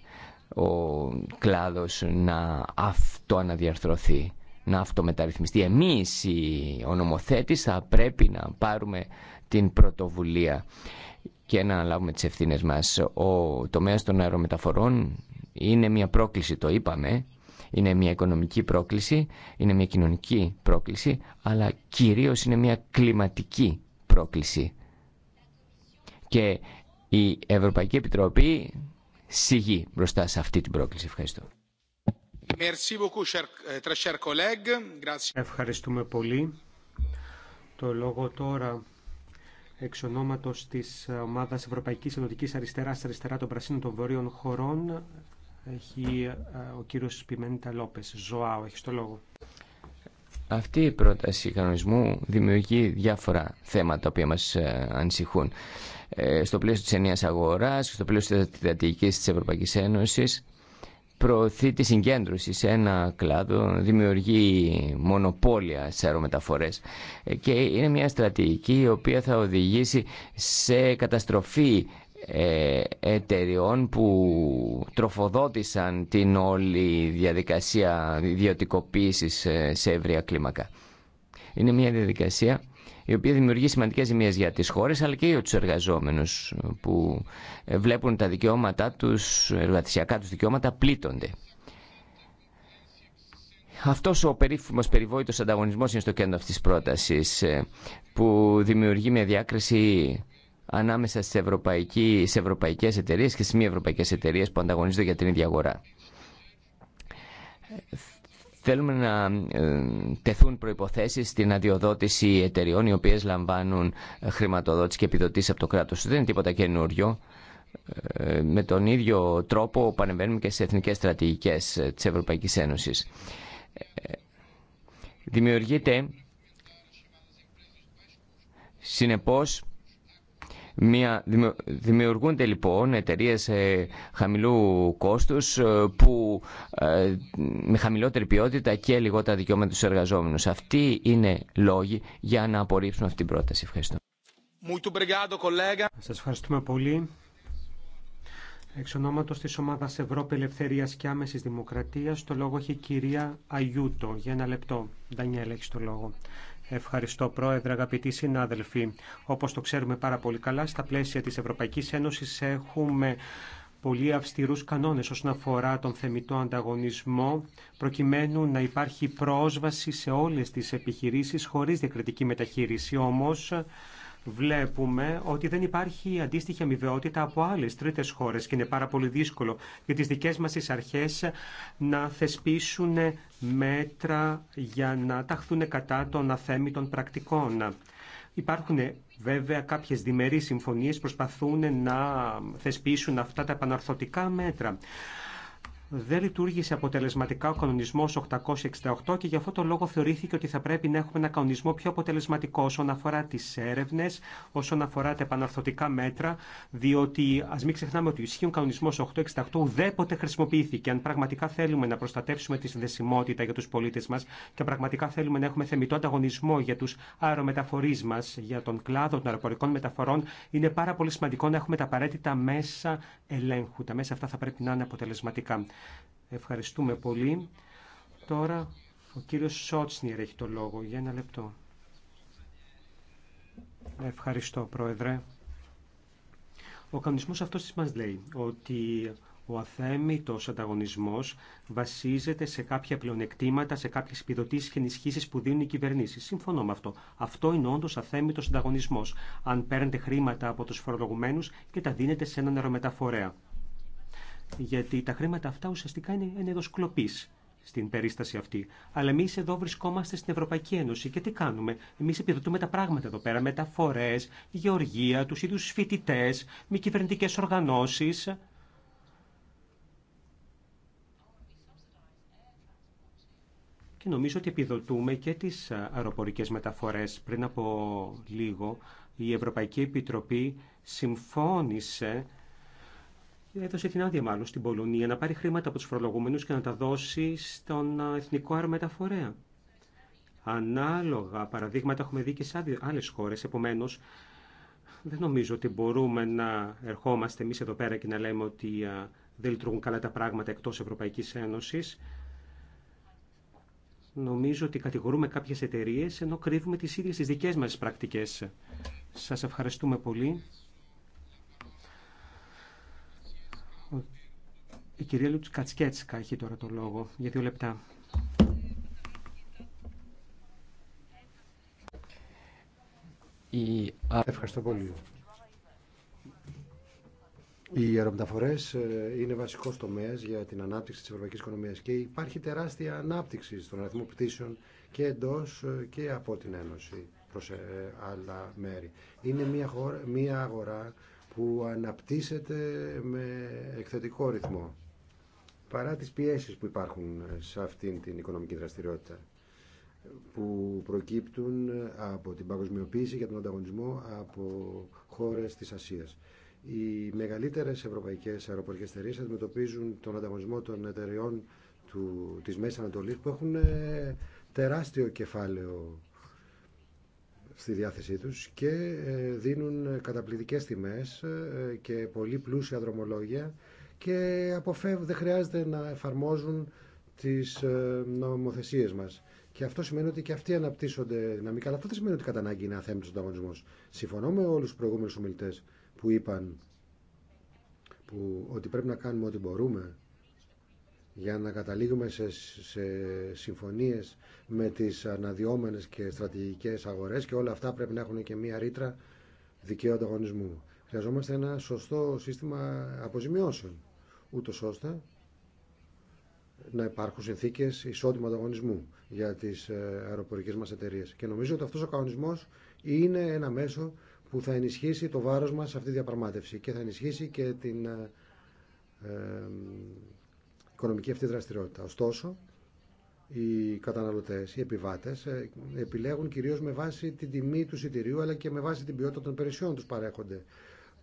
ο κλάδος να αυτοαναδιαρθρωθεί, να αυτομεταρρυθμιστεί. Εμείς οι ονομοθέτης θα πρέπει να πάρουμε την πρωτοβουλία και να αναλάβουμε τις ευθύνες μας. Ο τομέας των αερομεταφορών είναι μια πρόκληση, το είπαμε, είναι μια οικονομική πρόκληση, είναι μια κοινωνική πρόκληση, αλλά κυρίως είναι μια κλιματική πρόκληση. Και η Ευρωπαϊκή Επιτροπή σιγεί μπροστά σε αυτή την πρόκληση. Ευχαριστώ. Ε, Ευχαριστούμε πολύ. Το λόγο τώρα εξ ονόματος της ομάδας Ευρωπαϊκής Ενωτικής Αριστεράς, αριστερά των Πρασίνων των Βορείων Χωρών, έχει ε, ο κύριος Πιμέντα Λόπες. Ζωάο, έχει το λόγο. Αυτή η πρόταση κανονισμού δημιουργεί διάφορα θέματα που μας ε, ανησυχούν. Ε, στο πλαίσιο της ενίας αγοράς, στο πλαίσιο της διατηρικής της Ευρωπαϊκής Ένωσης, προωθεί τη συγκέντρωση σε ένα κλάδο, δημιουργεί μονοπόλια σε αερομεταφορές και είναι μια στρατηγική η οποία θα οδηγήσει σε καταστροφή ε, εταιριών που τροφοδότησαν την όλη διαδικασία ιδιωτικοποίηση ε, σε ευρεία κλίμακα. Είναι μια διαδικασία η οποία δημιουργεί σημαντικές ζημίες για τις χώρες αλλά και για τους εργαζόμενους που βλέπουν τα δικαιώματά τους, εργατισιακά τους δικαιώματα πλήττονται. Αυτός ο περίφημος περιβόητος ανταγωνισμός είναι στο κέντρο αυτής της πρότασης ε, που δημιουργεί μια διάκριση ανάμεσα στις, ευρωπαϊκή, ευρωπαϊκές εταιρείες και στις μη ευρωπαϊκές εταιρείες που ανταγωνίζονται για την ίδια αγορά. Θέλουμε να ε, τεθούν προϋποθέσεις στην αδειοδότηση εταιριών οι οποίες λαμβάνουν ε, χρηματοδότηση και επιδοτήσεις από το κράτος. Δεν είναι τίποτα καινούριο. Ε, με τον ίδιο τρόπο πανεμβαίνουμε και σε εθνικές στρατηγικές της Ευρωπαϊκής Ένωσης. Δημιουργείται, συνεπώς, μια, δημιουργούνται λοιπόν εταιρείε ε, χαμηλού κόστους ε, που, ε, με χαμηλότερη ποιότητα και λιγότερα δικαιώματα στους εργαζόμενου. Αυτοί είναι λόγοι για να απορρίψουν αυτή την πρόταση. Ευχαριστώ. Σας ευχαριστούμε πολύ. Εξ ονόματο της Ομάδας Ευρώπη Ελευθερίας και άμεση δημοκρατία το λόγο έχει η κυρία Αιούτο. Για ένα λεπτό, Ντανιέλ, έχει το λόγο. Ευχαριστώ, Πρόεδρε, αγαπητοί συνάδελφοι. Όπω το ξέρουμε πάρα πολύ καλά, στα πλαίσια τη Ευρωπαϊκή Ένωση έχουμε πολύ αυστηρούς κανόνες όσον αφορά τον θεμητό ανταγωνισμό, προκειμένου να υπάρχει πρόσβαση σε όλες τις επιχειρήσεις χωρίς διακριτική μεταχείριση. Όμως, βλέπουμε ότι δεν υπάρχει αντίστοιχη αμοιβαιότητα από άλλες τρίτες χώρες και είναι πάρα πολύ δύσκολο για τις δικές μας τι να θεσπίσουν μέτρα για να ταχθούν κατά των αθέμητων πρακτικών. Υπάρχουν βέβαια κάποιες διμερείς συμφωνίες προσπαθούν να θεσπίσουν αυτά τα επαναρθωτικά μέτρα δεν λειτουργήσε αποτελεσματικά ο κανονισμό 868 και γι' αυτό το λόγο θεωρήθηκε ότι θα πρέπει να έχουμε ένα κανονισμό πιο αποτελεσματικό όσον αφορά τι έρευνε, όσον αφορά τα επαναρθωτικά μέτρα, διότι α μην ξεχνάμε ότι ο ισχύων κανονισμό 868 ουδέποτε χρησιμοποιήθηκε. Αν πραγματικά θέλουμε να προστατεύσουμε τη συνδεσιμότητα για του πολίτε μα και πραγματικά θέλουμε να έχουμε θεμητό ανταγωνισμό για του αερομεταφορεί μα, για τον κλάδο των αεροπορικών μεταφορών, είναι πάρα πολύ σημαντικό να έχουμε τα απαραίτητα μέσα ελέγχου. Τα μέσα αυτά θα πρέπει να είναι αποτελεσματικά. Ευχαριστούμε πολύ. Τώρα ο κύριος Σότσνιερ έχει το λόγο για ένα λεπτό. Ευχαριστώ, Πρόεδρε. Ο κανονισμός αυτός της μας λέει ότι ο αθέμητος ανταγωνισμός βασίζεται σε κάποια πλεονεκτήματα, σε κάποιες επιδοτήσεις και ενισχύσεις που δίνουν οι κυβερνήσεις. Συμφωνώ με αυτό. Αυτό είναι όντως αθέμητος ανταγωνισμός. Αν παίρνετε χρήματα από τους φορολογουμένους και τα δίνετε σε έναν νερομεταφορέα γιατί τα χρήματα αυτά ουσιαστικά είναι ενέδο κλοπή στην περίσταση αυτή. Αλλά εμεί εδώ βρισκόμαστε στην Ευρωπαϊκή Ένωση και τι κάνουμε. Εμεί επιδοτούμε τα πράγματα εδώ πέρα, μεταφορέ, γεωργία, του ίδιου φοιτητέ, μη κυβερνητικέ οργανώσει. Και νομίζω ότι επιδοτούμε και τις αεροπορικές μεταφορές. Πριν από λίγο η Ευρωπαϊκή Επιτροπή συμφώνησε έδωσε την άδεια μάλλον στην Πολωνία να πάρει χρήματα από τους φορολογούμενους και να τα δώσει στον Εθνικό Αερομεταφορέα. Ανάλογα παραδείγματα έχουμε δει και σε άλλες χώρες, επομένως δεν νομίζω ότι μπορούμε να ερχόμαστε εμείς εδώ πέρα και να λέμε ότι δεν λειτουργούν καλά τα πράγματα εκτός Ευρωπαϊκής Ένωσης. Νομίζω ότι κατηγορούμε κάποιες εταιρείες ενώ κρύβουμε τις ίδιες τις δικές μας πρακτικές. Σας ευχαριστούμε πολύ. Η κυρία Λούτς έχει τώρα το λόγο για δύο λεπτά. Η... Ευχαριστώ πολύ. Οι αερομεταφορέ ε, είναι βασικό τομέα για την ανάπτυξη τη ευρωπαϊκή οικονομία και υπάρχει τεράστια ανάπτυξη στον αριθμό πτήσεων και εντό ε, και από την Ένωση προ ε, άλλα μέρη. Είναι μια, μια αγορά που αναπτύσσεται με εκθετικό ρυθμό παρά τις πιέσεις που υπάρχουν ε, σε αυτήν την οικονομική δραστηριότητα που προκύπτουν από την παγκοσμιοποίηση και τον ανταγωνισμό από χώρες της Ασίας. Οι μεγαλύτερες ευρωπαϊκές αεροπορικές εταιρείε αντιμετωπίζουν τον ανταγωνισμό των εταιρεών του, της Μέσης Ανατολής που έχουν ε, τεράστιο κεφάλαιο στη διάθεσή τους και ε, δίνουν καταπληκτικές τιμές και πολύ πλούσια δρομολόγια και αποφεύ, δεν χρειάζεται να εφαρμόζουν τις ε, νομοθεσίες μας. Και αυτό σημαίνει ότι και αυτοί αναπτύσσονται δυναμικά. Αλλά αυτό δεν σημαίνει ότι κατά ανάγκη είναι αθέμητο ο ανταγωνισμό. Συμφωνώ με όλου του προηγούμενου ομιλητέ που είπαν που, ότι πρέπει να κάνουμε ό,τι μπορούμε για να καταλήγουμε σε, σε συμφωνίες με τις αναδυόμενες και στρατηγικές αγορές και όλα αυτά πρέπει να έχουν και μία ρήτρα δικαίου ανταγωνισμού. Χρειαζόμαστε ένα σωστό σύστημα αποζημιώσεων ούτω ώστε να υπάρχουν συνθήκε ισότιμου ανταγωνισμού για τι ε, αεροπορικέ μα εταιρείε. Και νομίζω ότι αυτό ο κανονισμό είναι ένα μέσο που θα ενισχύσει το βάρο μα σε αυτή τη διαπραγμάτευση και θα ενισχύσει και την ε, οικονομική αυτή δραστηριότητα. Ωστόσο, οι καταναλωτέ, οι επιβάτε ε, επιλέγουν κυρίω με βάση την τιμή του εισιτηρίου αλλά και με βάση την ποιότητα των υπηρεσιών του παρέχονται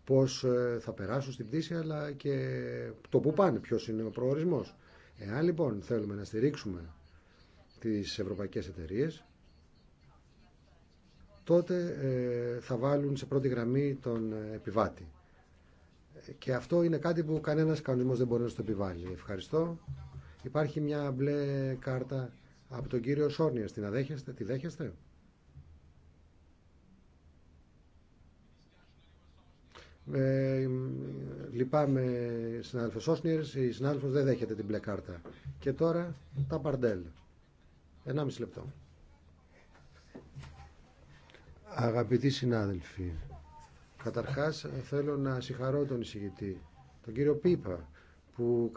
πώς ε, θα περάσουν στην πτήση αλλά και το που πάνε, Ποιο είναι ο προορισμό. Εάν λοιπόν θέλουμε να στηρίξουμε τις ευρωπαϊκές εταιρείε, τότε ε, θα βάλουν σε πρώτη γραμμή τον ε, επιβάτη. Και αυτό είναι κάτι που κανένας κανονισμός δεν μπορεί να στο επιβάλλει. Ευχαριστώ. Υπάρχει μια μπλε κάρτα από τον κύριο Σόρνια. Την αδέχεστε, τη δέχεστε. Ε, λυπάμαι συνάδελφο Σόσνιερ, η συνάδελφο δεν δέχεται την μπλε κάρτα. Και τώρα τα παρντέλ. 1,5 λεπτό. Αγαπητοί συνάδελφοι, καταρχάς θέλω να συγχαρώ τον εισηγητή, τον κύριο Πίπα, που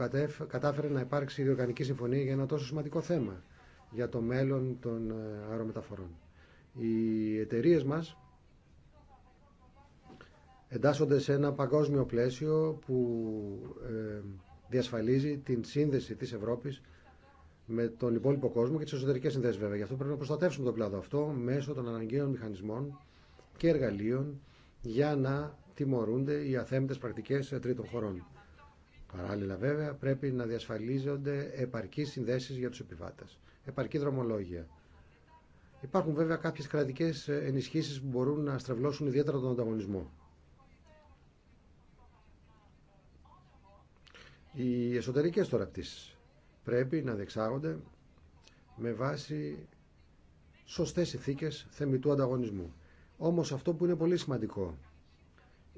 κατάφερε να υπάρξει διοργανική συμφωνία για ένα τόσο σημαντικό θέμα για το μέλλον των ε, αερομεταφορών. Οι εταιρείε μας εντάσσονται σε ένα παγκόσμιο πλαίσιο που ε, διασφαλίζει την σύνδεση της Ευρώπης με τον υπόλοιπο κόσμο και τις εσωτερικές συνδέσεις βέβαια. Γι' αυτό πρέπει να προστατεύσουμε τον πλάδο αυτό μέσω των αναγκαίων μηχανισμών και εργαλείων για να τιμωρούνται οι αθέμητες πρακτικές τρίτων χωρών. Παράλληλα βέβαια πρέπει να διασφαλίζονται επαρκείς συνδέσεις για τους επιβάτες, επαρκή δρομολόγια. Υπάρχουν βέβαια κάποιες κρατικές ενισχύσεις που μπορούν να στρεβλώσουν ιδιαίτερα τον ανταγωνισμό. Οι εσωτερικές τώρα πτήσεις πρέπει να διεξάγονται με βάση σωστές ηθίκες θεμητού ανταγωνισμού. Όμως αυτό που είναι πολύ σημαντικό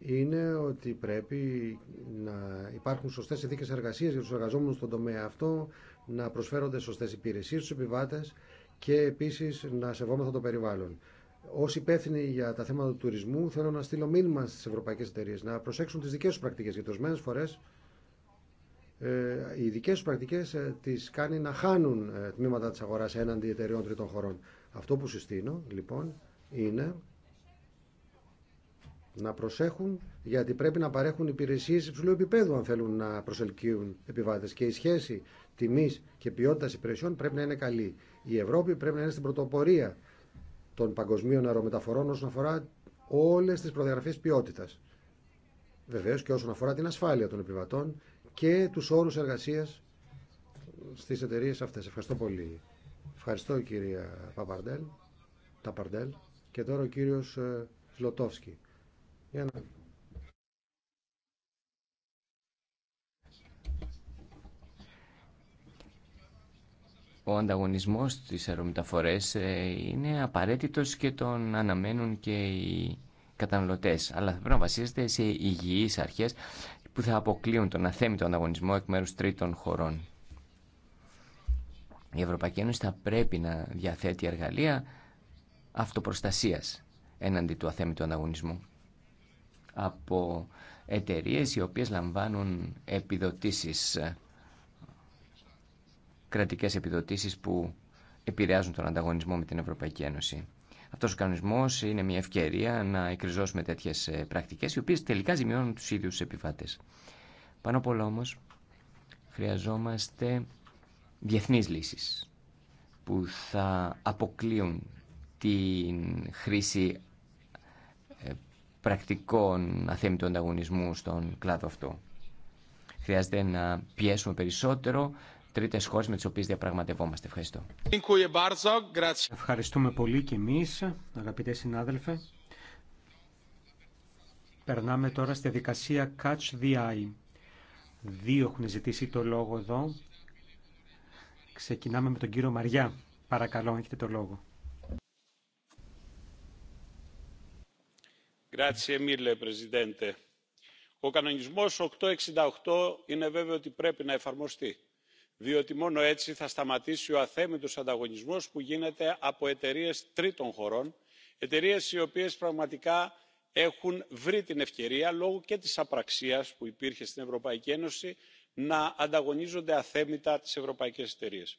είναι ότι πρέπει να υπάρχουν σωστέ συνθήκε εργασία για του εργαζόμενου στον τομέα αυτό, να προσφέρονται σωστέ υπηρεσίε στου επιβάτε και επίση να σεβόμαστε το περιβάλλον. Ω υπεύθυνοι για τα θέματα του τουρισμού, θέλω να στείλω μήνυμα στι ευρωπαϊκέ εταιρείε να προσέξουν τι δικέ του πρακτικέ, γιατί ορισμένε φορέ ε, οι ειδικέ του πρακτικέ ε, τι κάνει να χάνουν ε, τμήματα τη αγορά έναντι εταιρεών τρίτων χωρών. Αυτό που συστήνω λοιπόν είναι να προσέχουν γιατί πρέπει να παρέχουν υπηρεσίες υψηλού επίπεδου αν θέλουν να προσελκύουν επιβάτες και η σχέση τιμής και ποιότητας υπηρεσιών πρέπει να είναι καλή. Η Ευρώπη πρέπει να είναι στην πρωτοπορία των παγκοσμίων αερομεταφορών όσον αφορά όλες τις προδιαγραφές ποιότητας. Βεβαίως και όσον αφορά την ασφάλεια των επιβατών και τους όρους εργασίας στις εταιρείες αυτές. Ευχαριστώ πολύ. Ευχαριστώ κυρία Παπαρντέλ, και τώρα ο κύριος ε, Λωτόφσκι. Ο ανταγωνισμός στις αερομεταφορές ε, είναι απαραίτητος και τον αναμένουν και οι καταναλωτές. Αλλά θα πρέπει να βασίζεται σε υγιείς αρχές που θα αποκλείουν τον αθέμητο ανταγωνισμό εκ μέρους τρίτων χωρών. Η Ευρωπαϊκή Ένωση θα πρέπει να διαθέτει εργαλεία αυτοπροστασίας έναντι του αθέμητου ανταγωνισμού από εταιρείε οι οποίες λαμβάνουν επιδοτήσεις, κρατικές επιδοτήσεις που επηρεάζουν τον ανταγωνισμό με την Ευρωπαϊκή Ένωση. Αυτός ο κανονισμό είναι μια ευκαιρία να εκριζώσουμε τέτοιε ε, πρακτικές, οι οποίες τελικά ζημιώνουν τους ίδιους επιβάτες. Πάνω απ' όλα όμως, χρειαζόμαστε διεθνεί λύσει που θα αποκλείουν την χρήση ε, πρακτικών αθέμητου ανταγωνισμού στον κλάδο αυτό. Χρειάζεται να πιέσουμε περισσότερο Τρίτε χώρε με τι οποίε διαπραγματευόμαστε. Ευχαριστώ. Ευχαριστούμε πολύ και εμείς, αγαπητέ συνάδελφε. Περνάμε τώρα στη δικασία Catch the Eye. Δύο έχουν ζητήσει το λόγο εδώ. Ξεκινάμε με τον κύριο Μαριά. Παρακαλώ, έχετε το λόγο. Ο κανονισμός 868 είναι βέβαιο ότι πρέπει να εφαρμοστεί διότι μόνο έτσι θα σταματήσει ο αθέμητος ανταγωνισμός που γίνεται από εταιρείες τρίτων χωρών εταιρείες οι οποίες πραγματικά έχουν βρει την ευκαιρία λόγω και της απραξίας που υπήρχε στην ευρωπαϊκή ένωση να ανταγωνίζονται αθέμητα τις ευρωπαϊκές εταιρείες.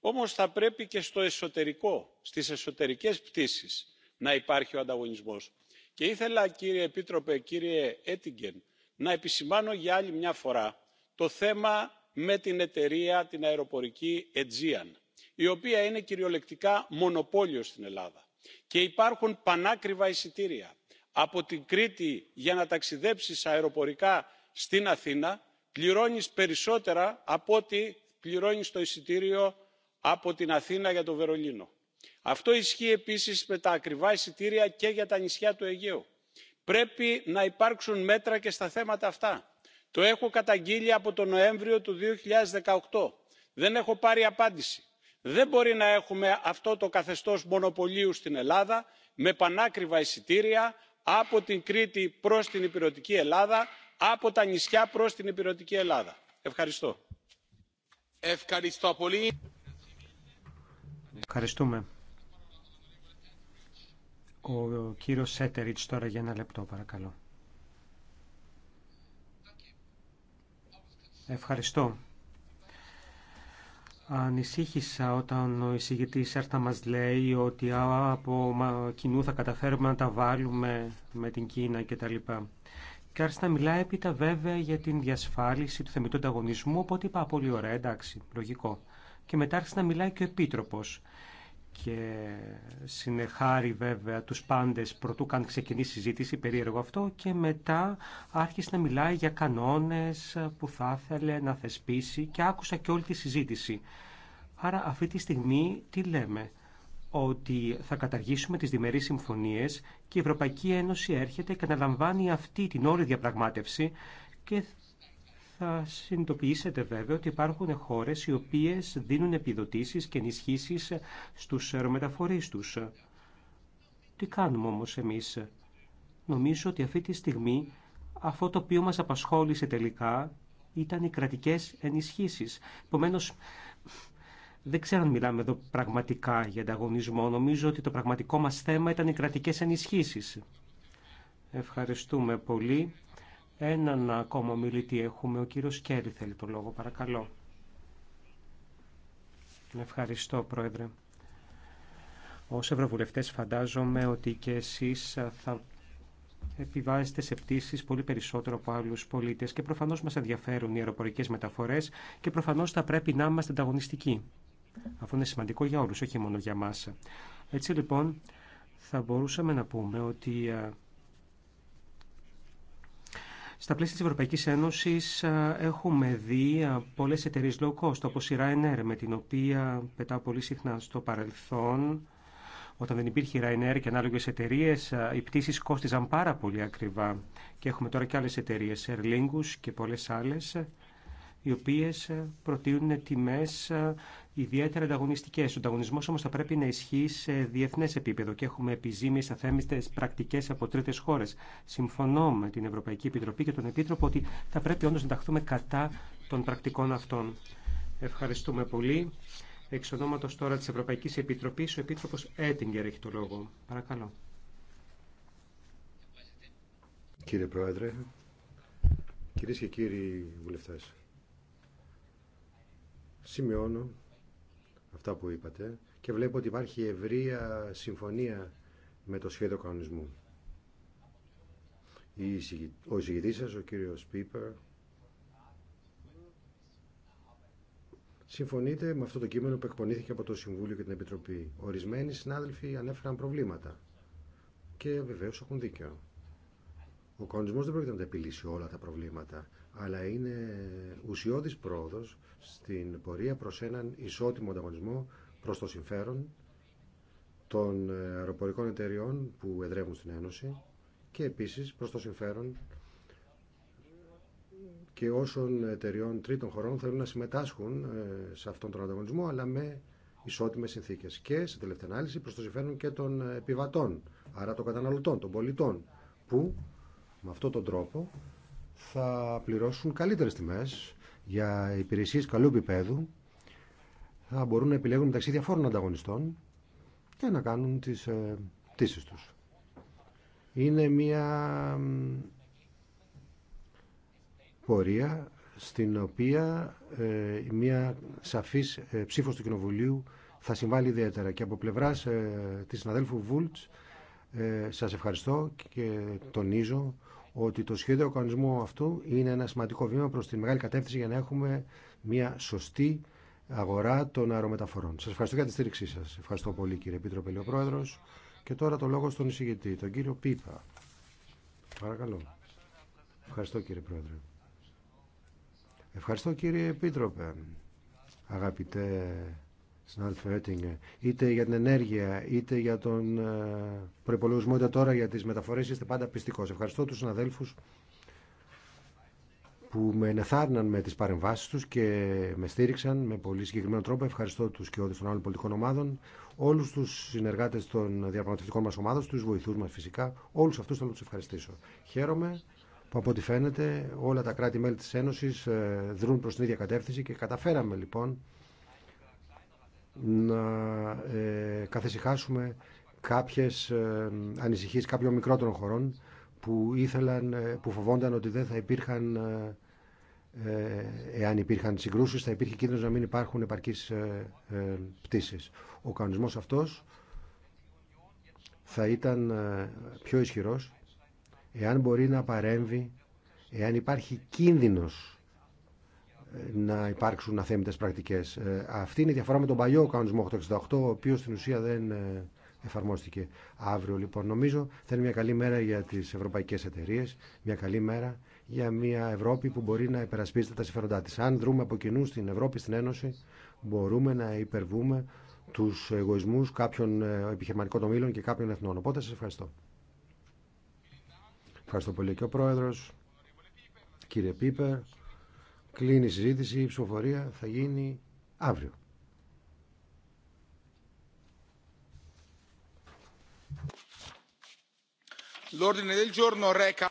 όμως θα πρέπει και στο εσωτερικό στις εσωτερικές πτήσεις να υπάρχει ο ανταγωνισμός και ήθελα κύριε επίτροπε κύριε Έτιγκεν, να επισημάνω για άλλη μια φορά το θέμα με την εταιρεία την αεροπορική aegean η οποία είναι κυριολεκτικά μονοπόλιο στην ελλάδα και υπάρχουν πανάκριβα εισιτήρια από την κρήτη για να ταξιδέψεις αεροπορικά στην αθήνα πληρώνεις περισσότερα από ό,τι πληρώνεις το εισιτήριο από την αθήνα για το βερολίνο. αυτό ισχύει επίσης με τα ακριβά εισιτήρια και για τα νησιά του αιγαίου. πρέπει να υπάρξουν μέτρα και στα θέματα αυτά το έχω καταγγείλει από τον νοέμβριο του 2018. δεν έχω πάρει απάντηση. δεν μπορεί να έχουμε αυτό το καθεστώς μονοπωλίου στην ελλάδα με πανάκριβα εισιτήρια από την κρήτη προς την ηπειρωτική ελλάδα από τα νησιά προς την ηπειρωτική ελλάδα. ευχαριστώ. ευχαριστώ πολύ. Ευχαριστούμε. Ο κύριος Σέτεριτς τώρα για ένα λεπτό παρακαλώ. Ευχαριστώ. Ανησύχησα όταν ο εισηγητής έρθα μας λέει ότι από κοινού θα καταφέρουμε να τα βάλουμε με την Κίνα κτλ. Και άρχισε να μιλάει έπειτα βέβαια για την διασφάλιση του θεμητού ανταγωνισμού, οπότε είπα πολύ ωραία, εντάξει, λογικό. Και μετά άρχισε να μιλάει και ο Επίτροπος και συνεχάρει βέβαια τους πάντες προτού καν ξεκινήσει η συζήτηση, περίεργο αυτό, και μετά άρχισε να μιλάει για κανόνες που θα ήθελε να θεσπίσει και άκουσα και όλη τη συζήτηση. Άρα αυτή τη στιγμή τι λέμε, ότι θα καταργήσουμε τις διμερείς συμφωνίες και η Ευρωπαϊκή Ένωση έρχεται και αναλαμβάνει αυτή την όλη διαπραγμάτευση και θα συνειδητοποιήσετε βέβαια ότι υπάρχουν χώρες οι οποίες δίνουν επιδοτήσεις και ενισχύσεις στους αερομεταφορείς τους. Τι κάνουμε όμως εμείς. Νομίζω ότι αυτή τη στιγμή αυτό το οποίο μας απασχόλησε τελικά ήταν οι κρατικές ενισχύσεις. Επομένω, δεν ξέρω αν μιλάμε εδώ πραγματικά για ανταγωνισμό. Νομίζω ότι το πραγματικό μας θέμα ήταν οι κρατικές ενισχύσεις. Ευχαριστούμε πολύ. Έναν ακόμα ομιλητή έχουμε. Ο κύριος Κέρι θέλει το λόγο. Παρακαλώ. Ευχαριστώ, Πρόεδρε. Ως Ευρωβουλευτές φαντάζομαι ότι και εσείς θα επιβάζετε σε πτήσει πολύ περισσότερο από άλλου πολίτε και προφανώ μα ενδιαφέρουν οι αεροπορικέ μεταφορέ και προφανώ θα πρέπει να είμαστε ανταγωνιστικοί. Αυτό είναι σημαντικό για όλου, όχι μόνο για μα. Έτσι λοιπόν, θα μπορούσαμε να πούμε ότι στα πλαίσια της Ευρωπαϊκής Ένωσης έχουμε δει πολλές εταιρείες low cost, όπως η Ryanair, με την οποία πετάω πολύ συχνά στο παρελθόν. Όταν δεν υπήρχε η Ryanair και ανάλογες εταιρείες, οι πτήσεις κόστιζαν πάρα πολύ ακριβά. Και έχουμε τώρα και άλλες εταιρείες, Erlingus και πολλές άλλες, οι οποίες ε, προτείνουν τιμές ε, ιδιαίτερα ανταγωνιστικέ. Ο ανταγωνισμό όμω θα πρέπει να ισχύει σε διεθνέ επίπεδο και έχουμε επιζήμιε αθέμητε πρακτικέ από τρίτε χώρε. Συμφωνώ με την Ευρωπαϊκή Επιτροπή και τον Επίτροπο ότι θα πρέπει όντω να ταχθούμε κατά των πρακτικών αυτών. Ευχαριστούμε πολύ. Εξ ονόματο τώρα τη Ευρωπαϊκή Επιτροπή, ο Επίτροπο Έτιγκερ έχει το λόγο. Παρακαλώ. Κύριε Πρόεδρε, κυρίε και κύριοι βουλευτέ. Σημειώνω αυτά που είπατε και βλέπω ότι υπάρχει ευρεία συμφωνία με το σχέδιο κανονισμού. Ο εισηγητής σας, ο κύριος Πίπερ, συμφωνείτε με αυτό το κείμενο που εκπονήθηκε από το Συμβούλιο και την Επιτροπή. Ορισμένοι συνάδελφοι ανέφεραν προβλήματα και βεβαίως έχουν δίκιο. Ο κανονισμός δεν πρόκειται να τα επιλύσει όλα τα προβλήματα αλλά είναι ουσιώδης πρόοδος στην πορεία προς έναν ισότιμο ανταγωνισμό προς το συμφέρον των αεροπορικών εταιριών που εδρεύουν στην Ένωση και επίσης προς το συμφέρον και όσων εταιριών τρίτων χωρών θέλουν να συμμετάσχουν ε, σε αυτόν τον ανταγωνισμό αλλά με ισότιμες συνθήκες και σε τελευταία ανάλυση προς το συμφέρον και των επιβατών άρα των καταναλωτών, των πολιτών που με αυτόν τον τρόπο θα πληρώσουν καλύτερες τιμές για υπηρεσίες καλού επίπεδου, θα μπορούν να επιλέγουν μεταξύ διαφόρων ανταγωνιστών και να κάνουν τις ε, πτήσεις τους. Είναι μια πορεία στην οποία ε, μια σαφής ε, ψήφος του Κοινοβουλίου θα συμβάλλει ιδιαίτερα. Και από πλευράς ε, της συναδέλφου Βούλτς ε, σας ευχαριστώ και τονίζω ότι το σχέδιο κανονισμού αυτού είναι ένα σημαντικό βήμα προς τη μεγάλη κατεύθυνση για να έχουμε μια σωστή αγορά των αερομεταφορών. Σας ευχαριστώ για τη στήριξή σας. Ευχαριστώ πολύ κύριε Επίτροπε Λεοπρόεδρος. Και τώρα το λόγο στον εισηγητή, τον κύριο Πίπα. Παρακαλώ. Ευχαριστώ κύριε Πρόεδρε. Ευχαριστώ κύριε Επίτροπε. Αγαπητέ Αλφα είτε για την ενέργεια, είτε για τον ε, προπολογισμό, είτε τώρα για τι μεταφορές, είστε πάντα πιστικό. Ευχαριστώ του συναδέλφους που με ενεθάρναν με τι παρεμβάσει του και με στήριξαν με πολύ συγκεκριμένο τρόπο. Ευχαριστώ του και όλου των άλλων πολιτικών ομάδων, όλου του συνεργάτε των διαπραγματευτικών μα ομάδων, του βοηθού μα φυσικά. Όλου αυτού θέλω να τους ευχαριστήσω. Χαίρομαι που από ό,τι φαίνεται όλα τα κράτη-μέλη τη Ένωση ε, δρούν προ την ίδια κατεύθυνση και καταφέραμε λοιπόν να ε, κάποιες ε, ανησυχίες κάποιων μικρότερων χωρών που, ήθελαν, ε, που φοβόνταν ότι δεν θα υπήρχαν ε, ε, εάν υπήρχαν συγκρούσεις θα υπήρχε κίνδυνος να μην υπάρχουν επαρκείς πτήσεις. Ο κανονισμός αυτός θα ήταν πιο ισχυρός εάν μπορεί να παρέμβει εάν υπάρχει κίνδυνος να υπάρξουν αθέμητες πρακτικές. Ε, αυτή είναι η διαφορά με τον παλιό κανονισμό 868, ο οποίο στην ουσία δεν ε, εφαρμόστηκε αύριο. Λοιπόν, νομίζω θα είναι μια καλή μέρα για τι ευρωπαϊκέ εταιρείε, μια καλή μέρα για μια Ευρώπη που μπορεί να υπερασπίζεται τα συμφέροντά της. Αν δρούμε από κοινού στην Ευρώπη, στην Ένωση, μπορούμε να υπερβούμε του εγωισμούς κάποιων ε, επιχειρηματικών τομήλων και κάποιων εθνών. Οπότε σα ευχαριστώ. Ευχαριστώ πολύ και ο πρόεδρο, κύριε Πίπερ. Κλείνει η συζήτηση, η ψηφοφορία θα γίνει αύριο.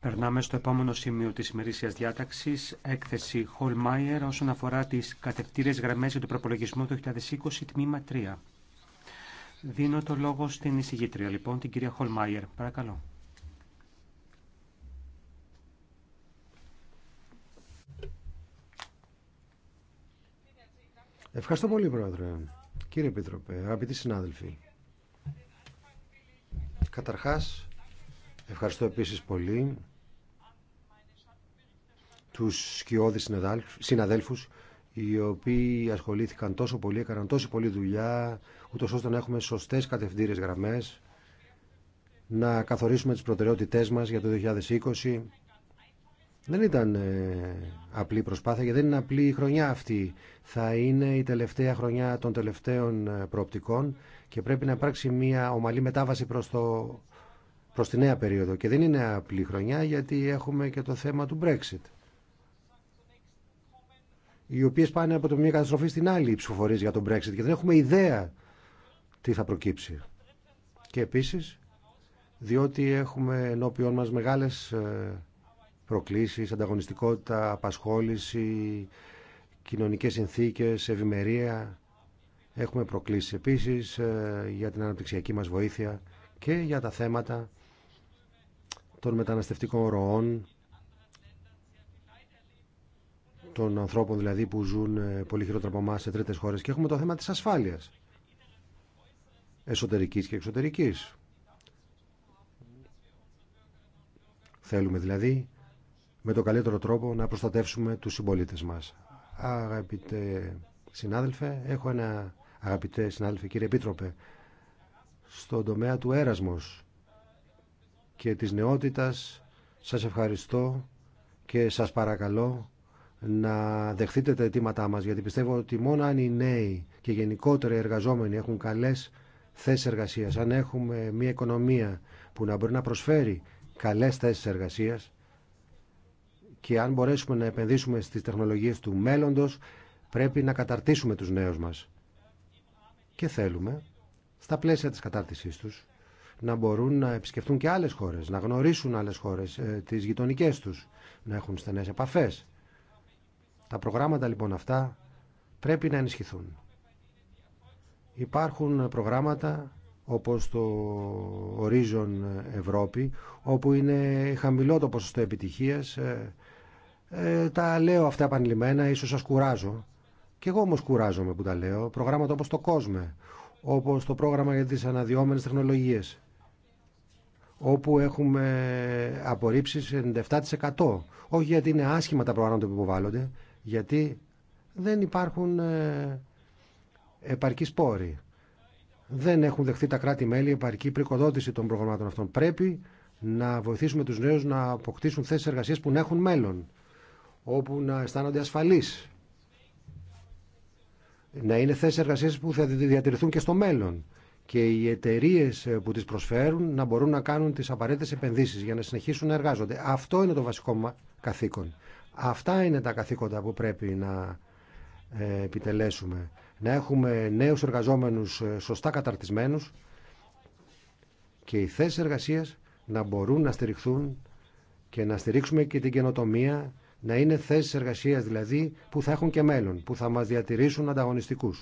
Περνάμε στο επόμενο σημείο της ημερήσιας διάταξης, έκθεση Χολμάιερ όσον αφορά τις κατευθύνες γραμμές για τον προπολογισμό του 2020, τμήμα 3. Δίνω το λόγο στην εισηγήτρια, λοιπόν, την κυρία Χολμάιερ. Παρακαλώ. Ευχαριστώ πολύ, Πρόεδρε. Κύριε Επίτροπε, αγαπητοί συνάδελφοι. Καταρχάς, ευχαριστώ επίσης πολύ τους σκιώδεις συναδέλφους οι οποίοι ασχολήθηκαν τόσο πολύ, έκαναν τόση πολύ δουλειά, ούτως ώστε να έχουμε σωστές κατευθύντηρες γραμμές, να καθορίσουμε τις προτεραιότητές μας για το 2020, δεν ήταν ε, απλή προσπάθεια γιατί δεν είναι απλή η χρονιά αυτή. Θα είναι η τελευταία χρονιά των τελευταίων ε, προοπτικών και πρέπει να υπάρξει μια ομαλή μετάβαση προς, το, προς τη νέα περίοδο. Και δεν είναι απλή χρονιά γιατί έχουμε και το θέμα του Brexit. Οι οποίες πάνε από το μια καταστροφή στην άλλη οι για τον Brexit και δεν έχουμε ιδέα τι θα προκύψει. Και επίσης, διότι έχουμε ενώπιον μας μεγάλες ε, προκλήσεις, ανταγωνιστικότητα, απασχόληση, κοινωνικές συνθήκες, ευημερία. Έχουμε προκλήσεις επίσης ε, για την αναπτυξιακή μας βοήθεια και για τα θέματα των μεταναστευτικών ροών, των ανθρώπων δηλαδή που ζουν ε, πολύ χειρότερα από εμά σε τρίτες χώρες και έχουμε το θέμα της ασφάλειας εσωτερικής και εξωτερικής. Θέλουμε δηλαδή με τον καλύτερο τρόπο να προστατεύσουμε τους συμπολίτες μας. Αγαπητέ συνάδελφε, έχω ένα αγαπητέ συνάδελφε κύριε Επίτροπε, στον τομέα του έρασμος και της νεότητας σας ευχαριστώ και σας παρακαλώ να δεχτείτε τα αιτήματά μας γιατί πιστεύω ότι μόνο αν οι νέοι και γενικότερα εργαζόμενοι έχουν καλές θέσεις εργασίας αν έχουμε μια οικονομία που να μπορεί να προσφέρει καλές θέσεις εργασίας και αν μπορέσουμε να επενδύσουμε στις τεχνολογίες του μέλλοντος πρέπει να καταρτήσουμε τους νέους μας. Και θέλουμε, στα πλαίσια της κατάρτισής τους, να μπορούν να επισκεφτούν και άλλες χώρες, να γνωρίσουν άλλες χώρες, ε, τις γειτονικές τους, να έχουν στενές επαφές. Τα προγράμματα λοιπόν αυτά πρέπει να ενισχυθούν. Υπάρχουν προγράμματα όπως το Horizon Ευρώπη, όπου είναι χαμηλό το ποσοστό επιτυχίας ε, ε, τα λέω αυτά επανειλημμένα, ίσως σας κουράζω. Κι εγώ όμως κουράζομαι που τα λέω. Προγράμματα όπως το COSME, όπως το πρόγραμμα για τις αναδυόμενες τεχνολογίες, όπου έχουμε απορρίψεις 97%. Όχι γιατί είναι άσχημα τα προγράμματα που υποβάλλονται, γιατί δεν υπάρχουν ε, επαρκή πόροι. Δεν έχουν δεχθεί τα κράτη-μέλη επαρκή πρικοδότηση των προγραμμάτων αυτών. Πρέπει να βοηθήσουμε τους νέους να αποκτήσουν θέσεις εργασίας που να έχουν μέλλον όπου να αισθάνονται ασφαλείς. Να είναι θέσεις εργασίας που θα διατηρηθούν και στο μέλλον και οι εταιρείε που τις προσφέρουν να μπορούν να κάνουν τις απαραίτητες επενδύσεις για να συνεχίσουν να εργάζονται. Αυτό είναι το βασικό καθήκον. Αυτά είναι τα καθήκοντα που πρέπει να ε, επιτελέσουμε. Να έχουμε νέους εργαζόμενους ε, σωστά καταρτισμένους και οι θέσεις εργασίας να μπορούν να στηριχθούν και να στηρίξουμε και την καινοτομία να είναι θέσει εργασία δηλαδή που θα έχουν και μέλλον, που θα μα διατηρήσουν ανταγωνιστικού.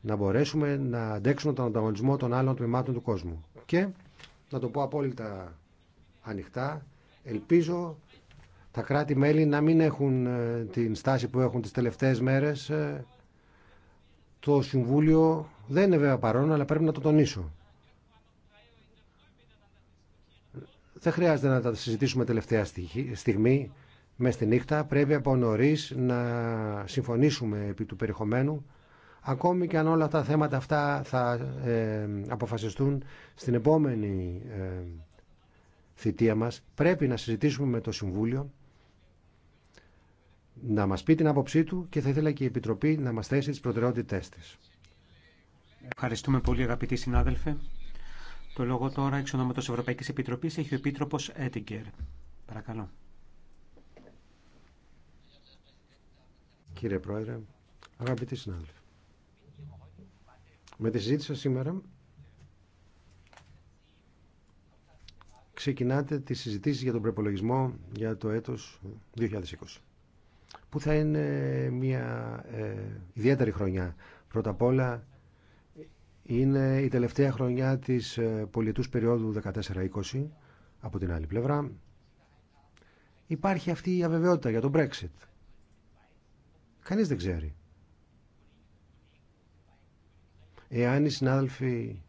Να μπορέσουμε να αντέξουμε τον ανταγωνισμό των άλλων τμήματων του κόσμου. Και να το πω απόλυτα ανοιχτά, ελπίζω τα κράτη-μέλη να μην έχουν ε, την στάση που έχουν τις τελευταίες μέρες. Ε. Το Συμβούλιο δεν είναι βέβαια παρόν, αλλά πρέπει να το τονίσω. Δεν χρειάζεται να τα συζητήσουμε τελευταία στιγμή με στη νύχτα πρέπει από νωρί να συμφωνήσουμε επί του περιεχομένου ακόμη και αν όλα τα θέματα αυτά θα ε, αποφασιστούν στην επόμενη ε, θητεία μας πρέπει να συζητήσουμε με το Συμβούλιο να μας πει την άποψή του και θα ήθελα και η Επιτροπή να μας θέσει τις προτεραιότητές της. Ευχαριστούμε πολύ αγαπητοί συνάδελφε. Το λόγο τώρα εξ ονόματος Ευρωπαϊκής Επιτροπής έχει ο Επίτροπος Έτιγκερ. Παρακαλώ. Κύριε Πρόεδρε, αγαπητοί συνάδελφοι, με τη συζήτηση σήμερα ξεκινάτε τις συζητήσεις για τον προπολογισμό για το έτος 2020 που θα είναι μια ε, ιδιαίτερη χρονιά. Πρώτα απ' όλα είναι η τελευταία χρονιά της ε, πολιτούς περίοδου 14-20 από την άλλη πλευρά. Υπάρχει αυτή η αβεβαιότητα για τον Brexit Κανείς δεν ξέρει. Εάν οι συνάδελφοι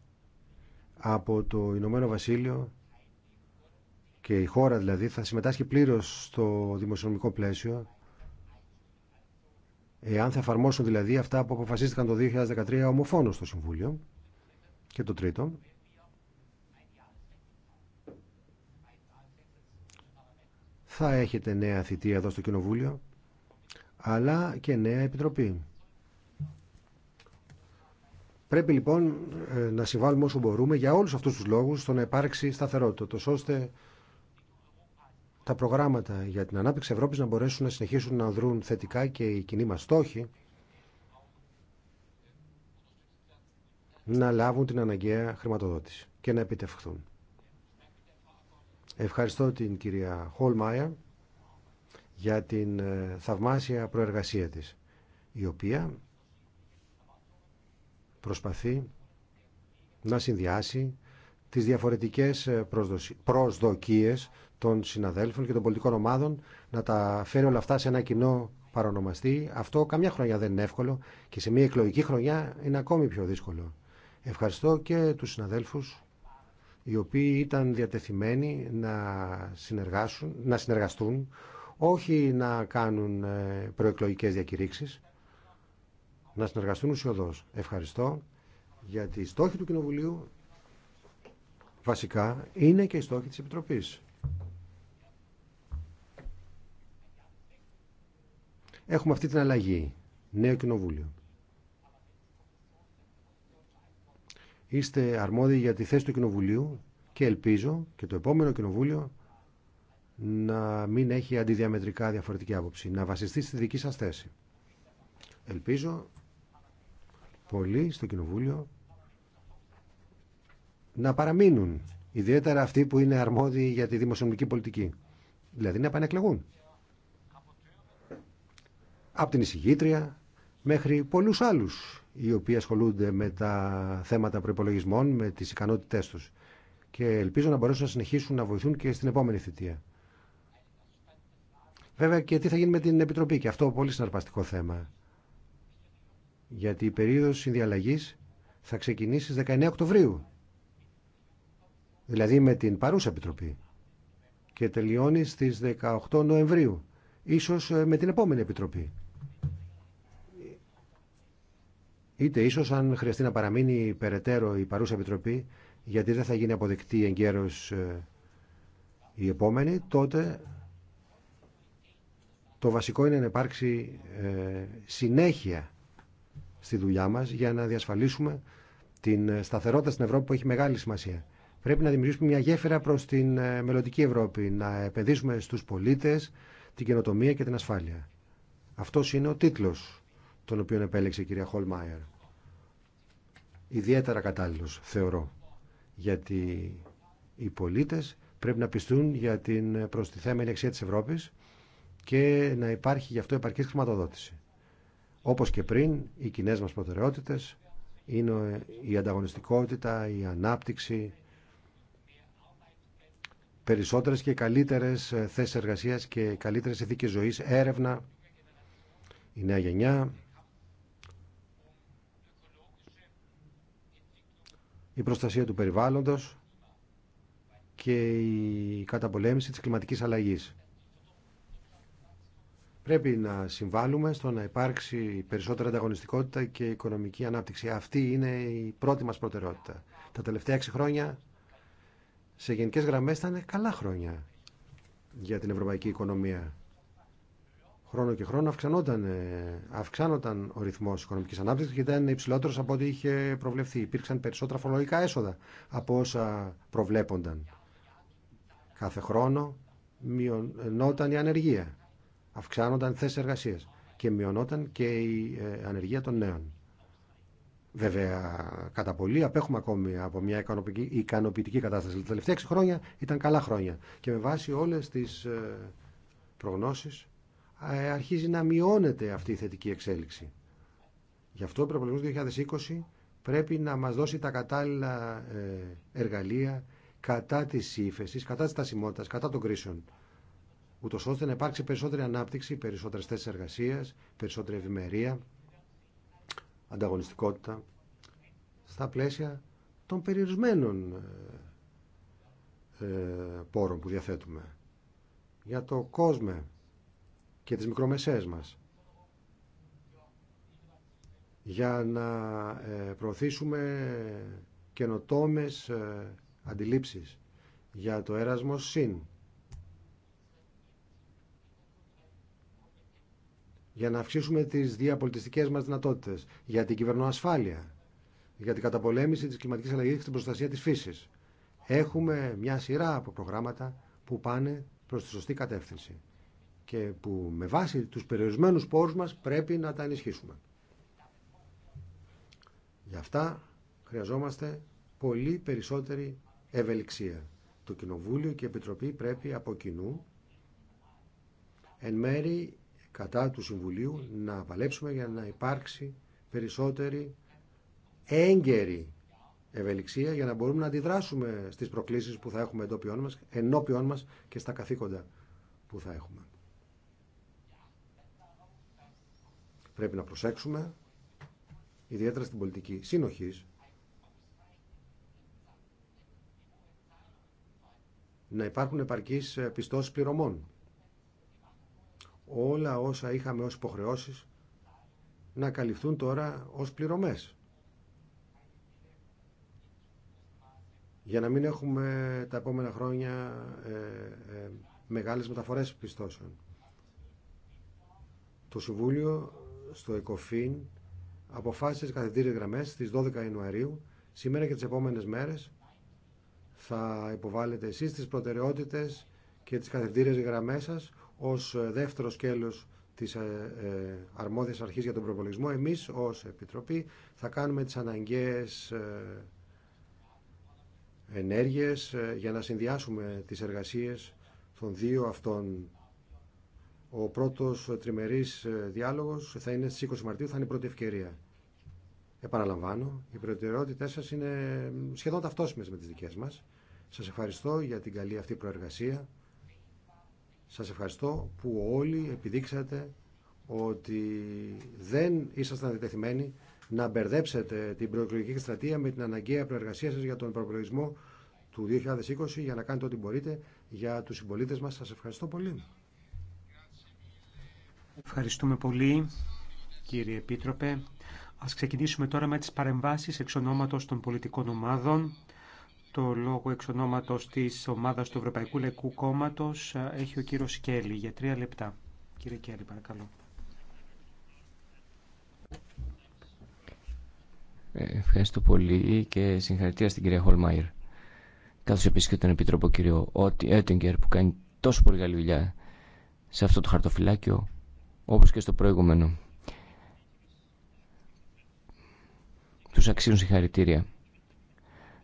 από το Ηνωμένο Βασίλειο και η χώρα δηλαδή θα συμμετάσχει πλήρως στο δημοσιονομικό πλαίσιο εάν θα εφαρμόσουν δηλαδή αυτά που αποφασίστηκαν το 2013 ομοφόνο στο Συμβούλιο και το τρίτο θα έχετε νέα θητεία εδώ στο Κοινοβούλιο αλλά και νέα επιτροπή. Πρέπει λοιπόν ε, να συμβάλλουμε όσο μπορούμε για όλους αυτούς τους λόγους στο να υπάρξει σταθερότητα, τόσο ώστε τα προγράμματα για την ανάπτυξη Ευρώπης να μπορέσουν να συνεχίσουν να δρουν θετικά και οι κοινοί μας στόχοι να λάβουν την αναγκαία χρηματοδότηση και να επιτευχθούν. Ευχαριστώ την κυρία Χολμάια για την ε, θαυμάσια προεργασία της, η οποία προσπαθεί να συνδυάσει τις διαφορετικές ε, προσδοκίες των συναδέλφων και των πολιτικών ομάδων, να τα φέρει όλα αυτά σε ένα κοινό παρονομαστή. Αυτό καμιά χρονιά δεν είναι εύκολο και σε μια εκλογική χρονιά είναι ακόμη πιο δύσκολο. Ευχαριστώ και τους συναδέλφους οι οποίοι ήταν διατεθειμένοι να, συνεργάσουν, να συνεργαστούν όχι να κάνουν ε, προεκλογικές διακηρύξεις, να συνεργαστούν ουσιοδός. Ευχαριστώ, γιατί οι στόχοι του Κοινοβουλίου βασικά είναι και οι στόχοι της Επιτροπής. Έχουμε αυτή την αλλαγή. Νέο Κοινοβούλιο. Είστε αρμόδιοι για τη θέση του Κοινοβουλίου και ελπίζω και το επόμενο Κοινοβούλιο να μην έχει αντιδιαμετρικά διαφορετική άποψη, να βασιστεί στη δική σας θέση. Ελπίζω πολύ στο Κοινοβούλιο να παραμείνουν, ιδιαίτερα αυτοί που είναι αρμόδιοι για τη δημοσιονομική πολιτική. Δηλαδή να επανεκλεγούν. Από την εισηγήτρια μέχρι πολλούς άλλους οι οποίοι ασχολούνται με τα θέματα προπολογισμών, με τις ικανότητές τους. Και ελπίζω να μπορέσουν να συνεχίσουν να βοηθούν και στην επόμενη θητεία. Βέβαια και τι θα γίνει με την Επιτροπή και αυτό πολύ συναρπαστικό θέμα. Γιατί η περίοδος συνδιαλλαγής θα ξεκινήσει στις 19 Οκτωβρίου. Δηλαδή με την παρούσα Επιτροπή. Και τελειώνει στις 18 Νοεμβρίου. Ίσως ε, με την επόμενη Επιτροπή. Είτε ίσως αν χρειαστεί να παραμείνει περαιτέρω η παρούσα Επιτροπή γιατί δεν θα γίνει αποδεκτή εγκαίρως ε, η επόμενη, τότε το βασικό είναι να υπάρξει ε, συνέχεια στη δουλειά μας για να διασφαλίσουμε την ε, σταθερότητα στην Ευρώπη που έχει μεγάλη σημασία. Πρέπει να δημιουργήσουμε μια γέφυρα προς την ε, μελλοντική Ευρώπη, να επενδύσουμε στους πολίτες την καινοτομία και την ασφάλεια. Αυτός είναι ο τίτλος τον οποίο επέλεξε η κυρία Χολμάιερ. Ιδιαίτερα κατάλληλος, θεωρώ, γιατί οι πολίτες πρέπει να πιστούν για την προστιθέμενη αξία της Ευρώπης και να υπάρχει γι' αυτό επαρκής χρηματοδότηση. Όπως και πριν, οι κοινέ μας προτεραιότητες είναι η ανταγωνιστικότητα, η ανάπτυξη, περισσότερες και καλύτερες θέσεις εργασίας και καλύτερες ηθίκες ζωής, έρευνα, η νέα γενιά, η προστασία του περιβάλλοντος και η καταπολέμηση της κλιματικής αλλαγής. Πρέπει να συμβάλλουμε στο να υπάρξει περισσότερη ανταγωνιστικότητα και οικονομική ανάπτυξη. Αυτή είναι η πρώτη μας προτεραιότητα. Τα τελευταία έξι χρόνια σε γενικές γραμμές ήταν καλά χρόνια για την ευρωπαϊκή οικονομία. Χρόνο και χρόνο αυξανόταν, ε, αυξάνονταν ο ρυθμός οικονομικής ανάπτυξης και ήταν υψηλότερος από ό,τι είχε προβλεφθεί. Υπήρξαν περισσότερα φορολογικά έσοδα από όσα προβλέπονταν. Κάθε χρόνο μειωνόταν η ανεργία. Αυξάνονταν θέσει εργασία και μειωνόταν και η ε, ανεργία των νέων. Βέβαια, κατά πολύ απέχουμε ακόμη από μια ικανοποιητική κατάσταση. Τα τελευταία 6 χρόνια ήταν καλά χρόνια και με βάση όλε τι ε, προγνώσει ε, αρχίζει να μειώνεται αυτή η θετική εξέλιξη. Γι' αυτό ο προπολογισμό 2020 πρέπει να μας δώσει τα κατάλληλα εργαλεία κατά της ύφεση, κατά της στασιμότητας, κατά των κρίσεων ούτω ώστε να υπάρξει περισσότερη ανάπτυξη, περισσότερε θέσει εργασία, περισσότερη ευημερία, ανταγωνιστικότητα στα πλαίσια των περιορισμένων ε, ε, πόρων που διαθέτουμε για το κόσμο και τις μικρομεσαίες μας για να ε, προωθήσουμε καινοτόμες αντιλήψεις για το έρασμο συν για να αυξήσουμε τις διαπολιτιστικέ μας δυνατότητες, για την κυβερνοασφάλεια, για την καταπολέμηση της κλιματικής αλλαγής και την προστασία της φύσης. Έχουμε μια σειρά από προγράμματα που πάνε προς τη σωστή κατεύθυνση και που με βάση τους περιορισμένους πόρους μας πρέπει να τα ενισχύσουμε. Γι' αυτά χρειαζόμαστε πολύ περισσότερη ευελιξία. Το Κοινοβούλιο και η Επιτροπή πρέπει από κοινού εν μέρη κατά του Συμβουλίου να παλέψουμε για να υπάρξει περισσότερη έγκαιρη ευελιξία για να μπορούμε να αντιδράσουμε στις προκλήσεις που θα έχουμε εντόπιόν μας, ενώπιόν μας και στα καθήκοντα που θα έχουμε. Πρέπει να προσέξουμε, ιδιαίτερα στην πολιτική συνοχής, να υπάρχουν επαρκείς πιστώσεις πληρωμών όλα όσα είχαμε ως υποχρεώσεις να καλυφθούν τώρα ως πληρωμές. Για να μην έχουμε τα επόμενα χρόνια ε, ε, μεγάλες μεταφορές πιστώσεων. Το Συμβούλιο στο ΕΚΟΦΗΝ αποφάσισε τις καθεντήριες γραμμές στις 12 Ιανουαρίου. Σήμερα και τις επόμενες μέρες θα υποβάλλετε εσείς τις προτεραιότητες και τις καθεντήριες γραμμές σας ως ε, δεύτερο σκέλος της ε, ε, αρμόδιας αρχής για τον προπολογισμό, εμείς ως Επιτροπή θα κάνουμε τις αναγκαίες ενέργειες για να συνδυάσουμε τις εργασίες των δύο αυτών. Ο πρώτος τριμερής διάλογος θα είναι στις 20 Μαρτίου, θα είναι η πρώτη ευκαιρία. Επαναλαμβάνω, οι προτεραιότητές σας είναι σχεδόν ταυτόσιμες με τις δικές μας. Σας ευχαριστώ για την καλή αυτή προεργασία. Σας ευχαριστώ που όλοι επιδείξατε ότι δεν ήσασταν διτεθειμένοι να μπερδέψετε την προεκλογική στρατεία με την αναγκαία προεργασία σας για τον προπολογισμό του 2020 για να κάνετε ό,τι μπορείτε για τους συμπολίτες μας. Σας ευχαριστώ πολύ. Ευχαριστούμε πολύ κύριε Επίτροπε. Ας ξεκινήσουμε τώρα με τις παρεμβάσεις εξ ονόματος των πολιτικών ομάδων. Το λόγο εξ ονόματος της ομάδας του Ευρωπαϊκού Λεκού Κόμματος έχει ο κύριος Κέλλη για τρία λεπτά. Κύριε Κέλλη, παρακαλώ. Ε, ευχαριστώ πολύ και συγχαρητήρια στην κυρία Χολμάιρ. Καθώς επίσης και τον Επίτροπο κύριο Ότι που κάνει τόσο πολύ καλή δουλειά σε αυτό το χαρτοφυλάκιο όπως και στο προηγούμενο. Τους αξίζουν συγχαρητήρια.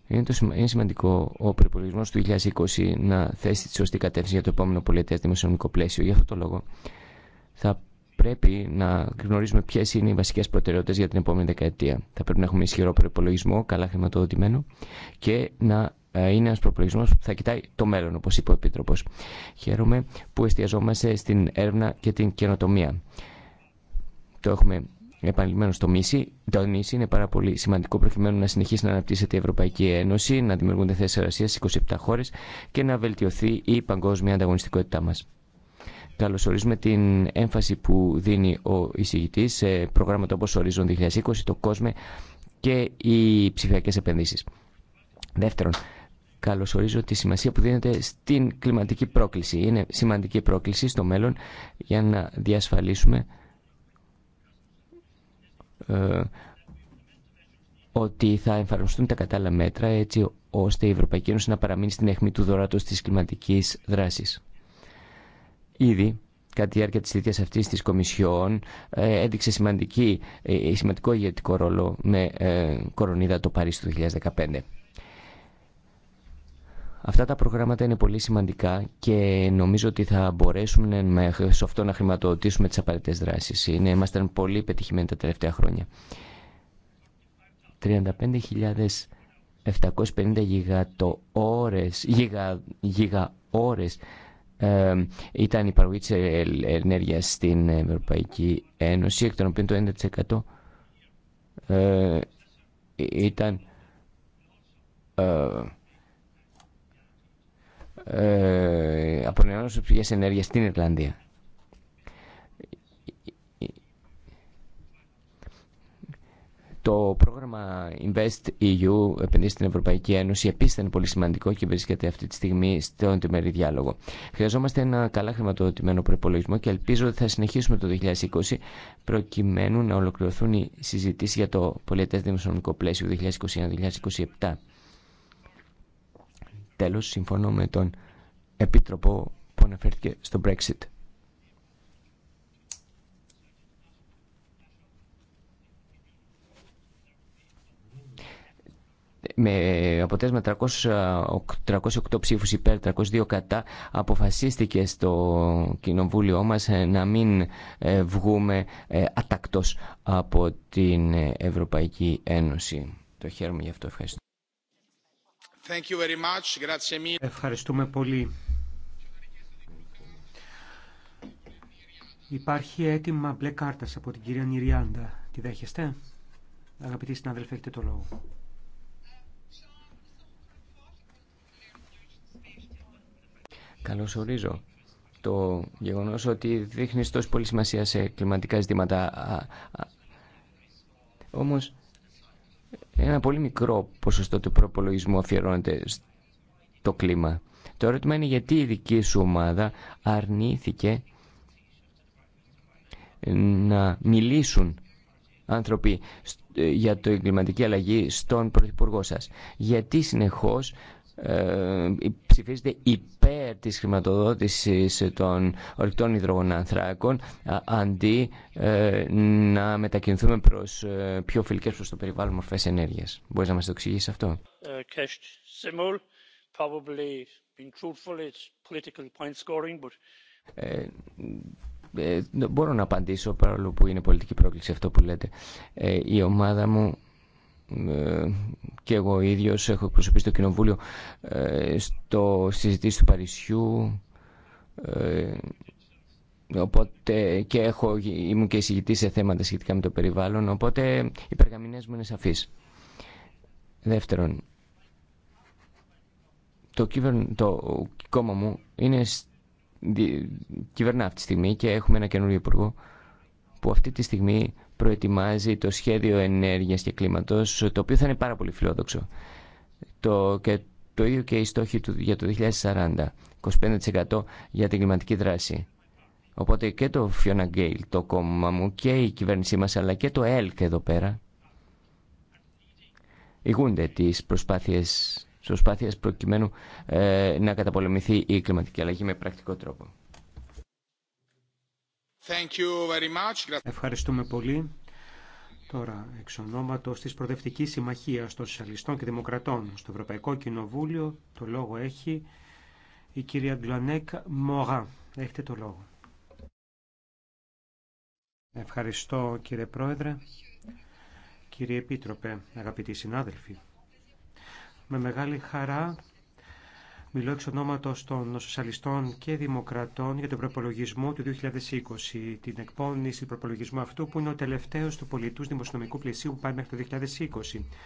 Είναι, το, είναι σημαντικό ο προπολογισμό του 2020 να θέσει τη σωστή κατεύθυνση για το επόμενο πολιτεία δημοσιονομικό πλαίσιο. Γι' αυτό το λόγο θα πρέπει να γνωρίζουμε ποιε είναι οι βασικέ προτεραιότητε για την επόμενη δεκαετία. Θα πρέπει να έχουμε ισχυρό προπολογισμό, καλά χρηματοδοτημένο και να ε, είναι ένα προπολογισμό που θα κοιτάει το μέλλον, όπω είπε ο Επίτροπο. Χαίρομαι που εστιαζόμαστε στην έρευνα και την καινοτομία. Το έχουμε επανειλημμένο στο μίση, το μίση είναι πάρα πολύ σημαντικό προκειμένου να συνεχίσει να αναπτύσσεται η Ευρωπαϊκή Ένωση, να δημιουργούνται θέσει εργασία σε 27 χώρε και να βελτιωθεί η παγκόσμια ανταγωνιστικότητά μα. Καλωσορίζουμε την έμφαση που δίνει ο εισηγητή σε προγράμματα όπω Horizon 2020, το κόσμο και οι ψηφιακέ επενδύσει. Δεύτερον, καλωσορίζω τη σημασία που δίνεται στην κλιματική πρόκληση. Είναι σημαντική πρόκληση στο μέλλον για να διασφαλίσουμε ε, ότι θα εφαρμοστούν τα κατάλληλα μέτρα έτσι ώστε η Ευρωπαϊκή Ένωση να παραμείνει στην αιχμή του δωράτου της κλιματικής δράσης. Ήδη, κατά τη διάρκεια της θητείας αυτής της Κομισιόν, ε, έδειξε σημαντική, ε, σημαντικό ηγετικό ρόλο με κορονίδα το Παρίσι του 2015. Αυτά τα προγράμματα είναι πολύ σημαντικά και νομίζω ότι θα μπορέσουμε σε αυτό να χρηματοδοτήσουμε τις απαραίτητες δράσεις. Είναι, πολύ πετυχημένοι τα τελευταία χρόνια. 35.750 γιγα, ώρες, ε, ήταν η παραγωγή τη ενέργειας στην Ευρωπαϊκή Ένωση, εκ των οποίων το 1% ε, ήταν... Ε, ε, απονεώνωση ενέργεια στην Ιρλανδία. Το πρόγραμμα Invest EU, επενδύσει στην Ευρωπαϊκή Ένωση, επίση ήταν πολύ σημαντικό και βρίσκεται αυτή τη στιγμή στο τριμερή διάλογο. Χρειαζόμαστε ένα καλά χρηματοδοτημένο προπολογισμό και ελπίζω ότι θα συνεχίσουμε το 2020 προκειμένου να ολοκληρωθούν οι συζητήσει για το πολιτέ δημοσιονομικό πλαίσιο 2021-2027. Τέλος, συμφωνώ με τον Επίτροπο που αναφέρθηκε στο Brexit. με αποτέλεσμα 308 ψήφους υπέρ, 302 κατά, αποφασίστηκε στο κοινοβούλιο μας ε, να μην ε, βγούμε ε, ατακτός από την Ευρωπαϊκή Ένωση. Το χαίρομαι γι' αυτό. Ευχαριστώ. Ευχαριστούμε πολύ. Υπάρχει έτοιμα μπλε κάρτα από την κυρία Νιριάντα. Τη δέχεστε? Αγαπητοί συνάδελφοι, έχετε το λόγο. Καλώ ορίζω το γεγονό ότι δείχνει τόσο πολύ σημασία σε κλιματικά ζητήματα. Όμως ένα πολύ μικρό ποσοστό του προπολογισμού αφιερώνεται στο κλίμα. Το ερώτημα είναι γιατί η δική σου ομάδα αρνήθηκε να μιλήσουν άνθρωποι για το εγκληματική αλλαγή στον Πρωθυπουργό σας. Γιατί συνεχώς ε, ψηφίζετε υπέρ υπέρ της χρηματοδότησης των ορυκτών υδρογονανθράκων αντί ε, να μετακινηθούμε προς ε, πιο φιλικές προς το περιβάλλον μορφές ενέργειας. Μπορείς να μας το εξηγήσεις αυτό. Ε, ε, ε, μπορώ να απαντήσω παρόλο που είναι πολιτική πρόκληση αυτό που λέτε. η ομάδα μου ε, και εγώ ίδιος έχω εκπροσωπήσει το Κοινοβούλιο ε, στο συζητήσεις του Παρισιού ε, οπότε και έχω, ήμουν και εισηγητή σε θέματα σχετικά με το περιβάλλον οπότε οι περγαμηνές μου είναι σαφείς δεύτερον το, το κόμμα μου είναι κυβερνά αυτή τη στιγμή και έχουμε ένα καινούριο υπουργό που αυτή τη στιγμή προετοιμάζει το σχέδιο ενέργειας και κλίματος, το οποίο θα είναι πάρα πολύ φιλόδοξο. Το, το ίδιο και οι στόχοι του, για το 2040, 25% για την κλιματική δράση. Οπότε και το Fiona Γκέιλ, το κόμμα μου, και η κυβέρνησή μας, αλλά και το ΕΛΚ εδώ πέρα, ηγούνται τις προσπάθειες, προσπάθειες προκειμένου ε, να καταπολεμηθεί η κλιματική αλλαγή με πρακτικό τρόπο. Ευχαριστούμε πολύ. Τώρα, εξ ονόματο τη Προδευτική Συμμαχία των Σοσιαλιστών και Δημοκρατών στο Ευρωπαϊκό Κοινοβούλιο, το λόγο έχει η κυρία Ντουανέκ Μογά. Έχετε το λόγο. Ευχαριστώ κύριε Πρόεδρε, κύριε Επίτροπε, αγαπητοί συνάδελφοι. Με μεγάλη χαρά Μιλώ εξ ονόματο των Σοσιαλιστών και Δημοκρατών για τον προπολογισμό του 2020, την εκπόνηση του προπολογισμού αυτού που είναι ο τελευταίο του πολιτού δημοσιονομικού πλαισίου που πάει μέχρι το 2020.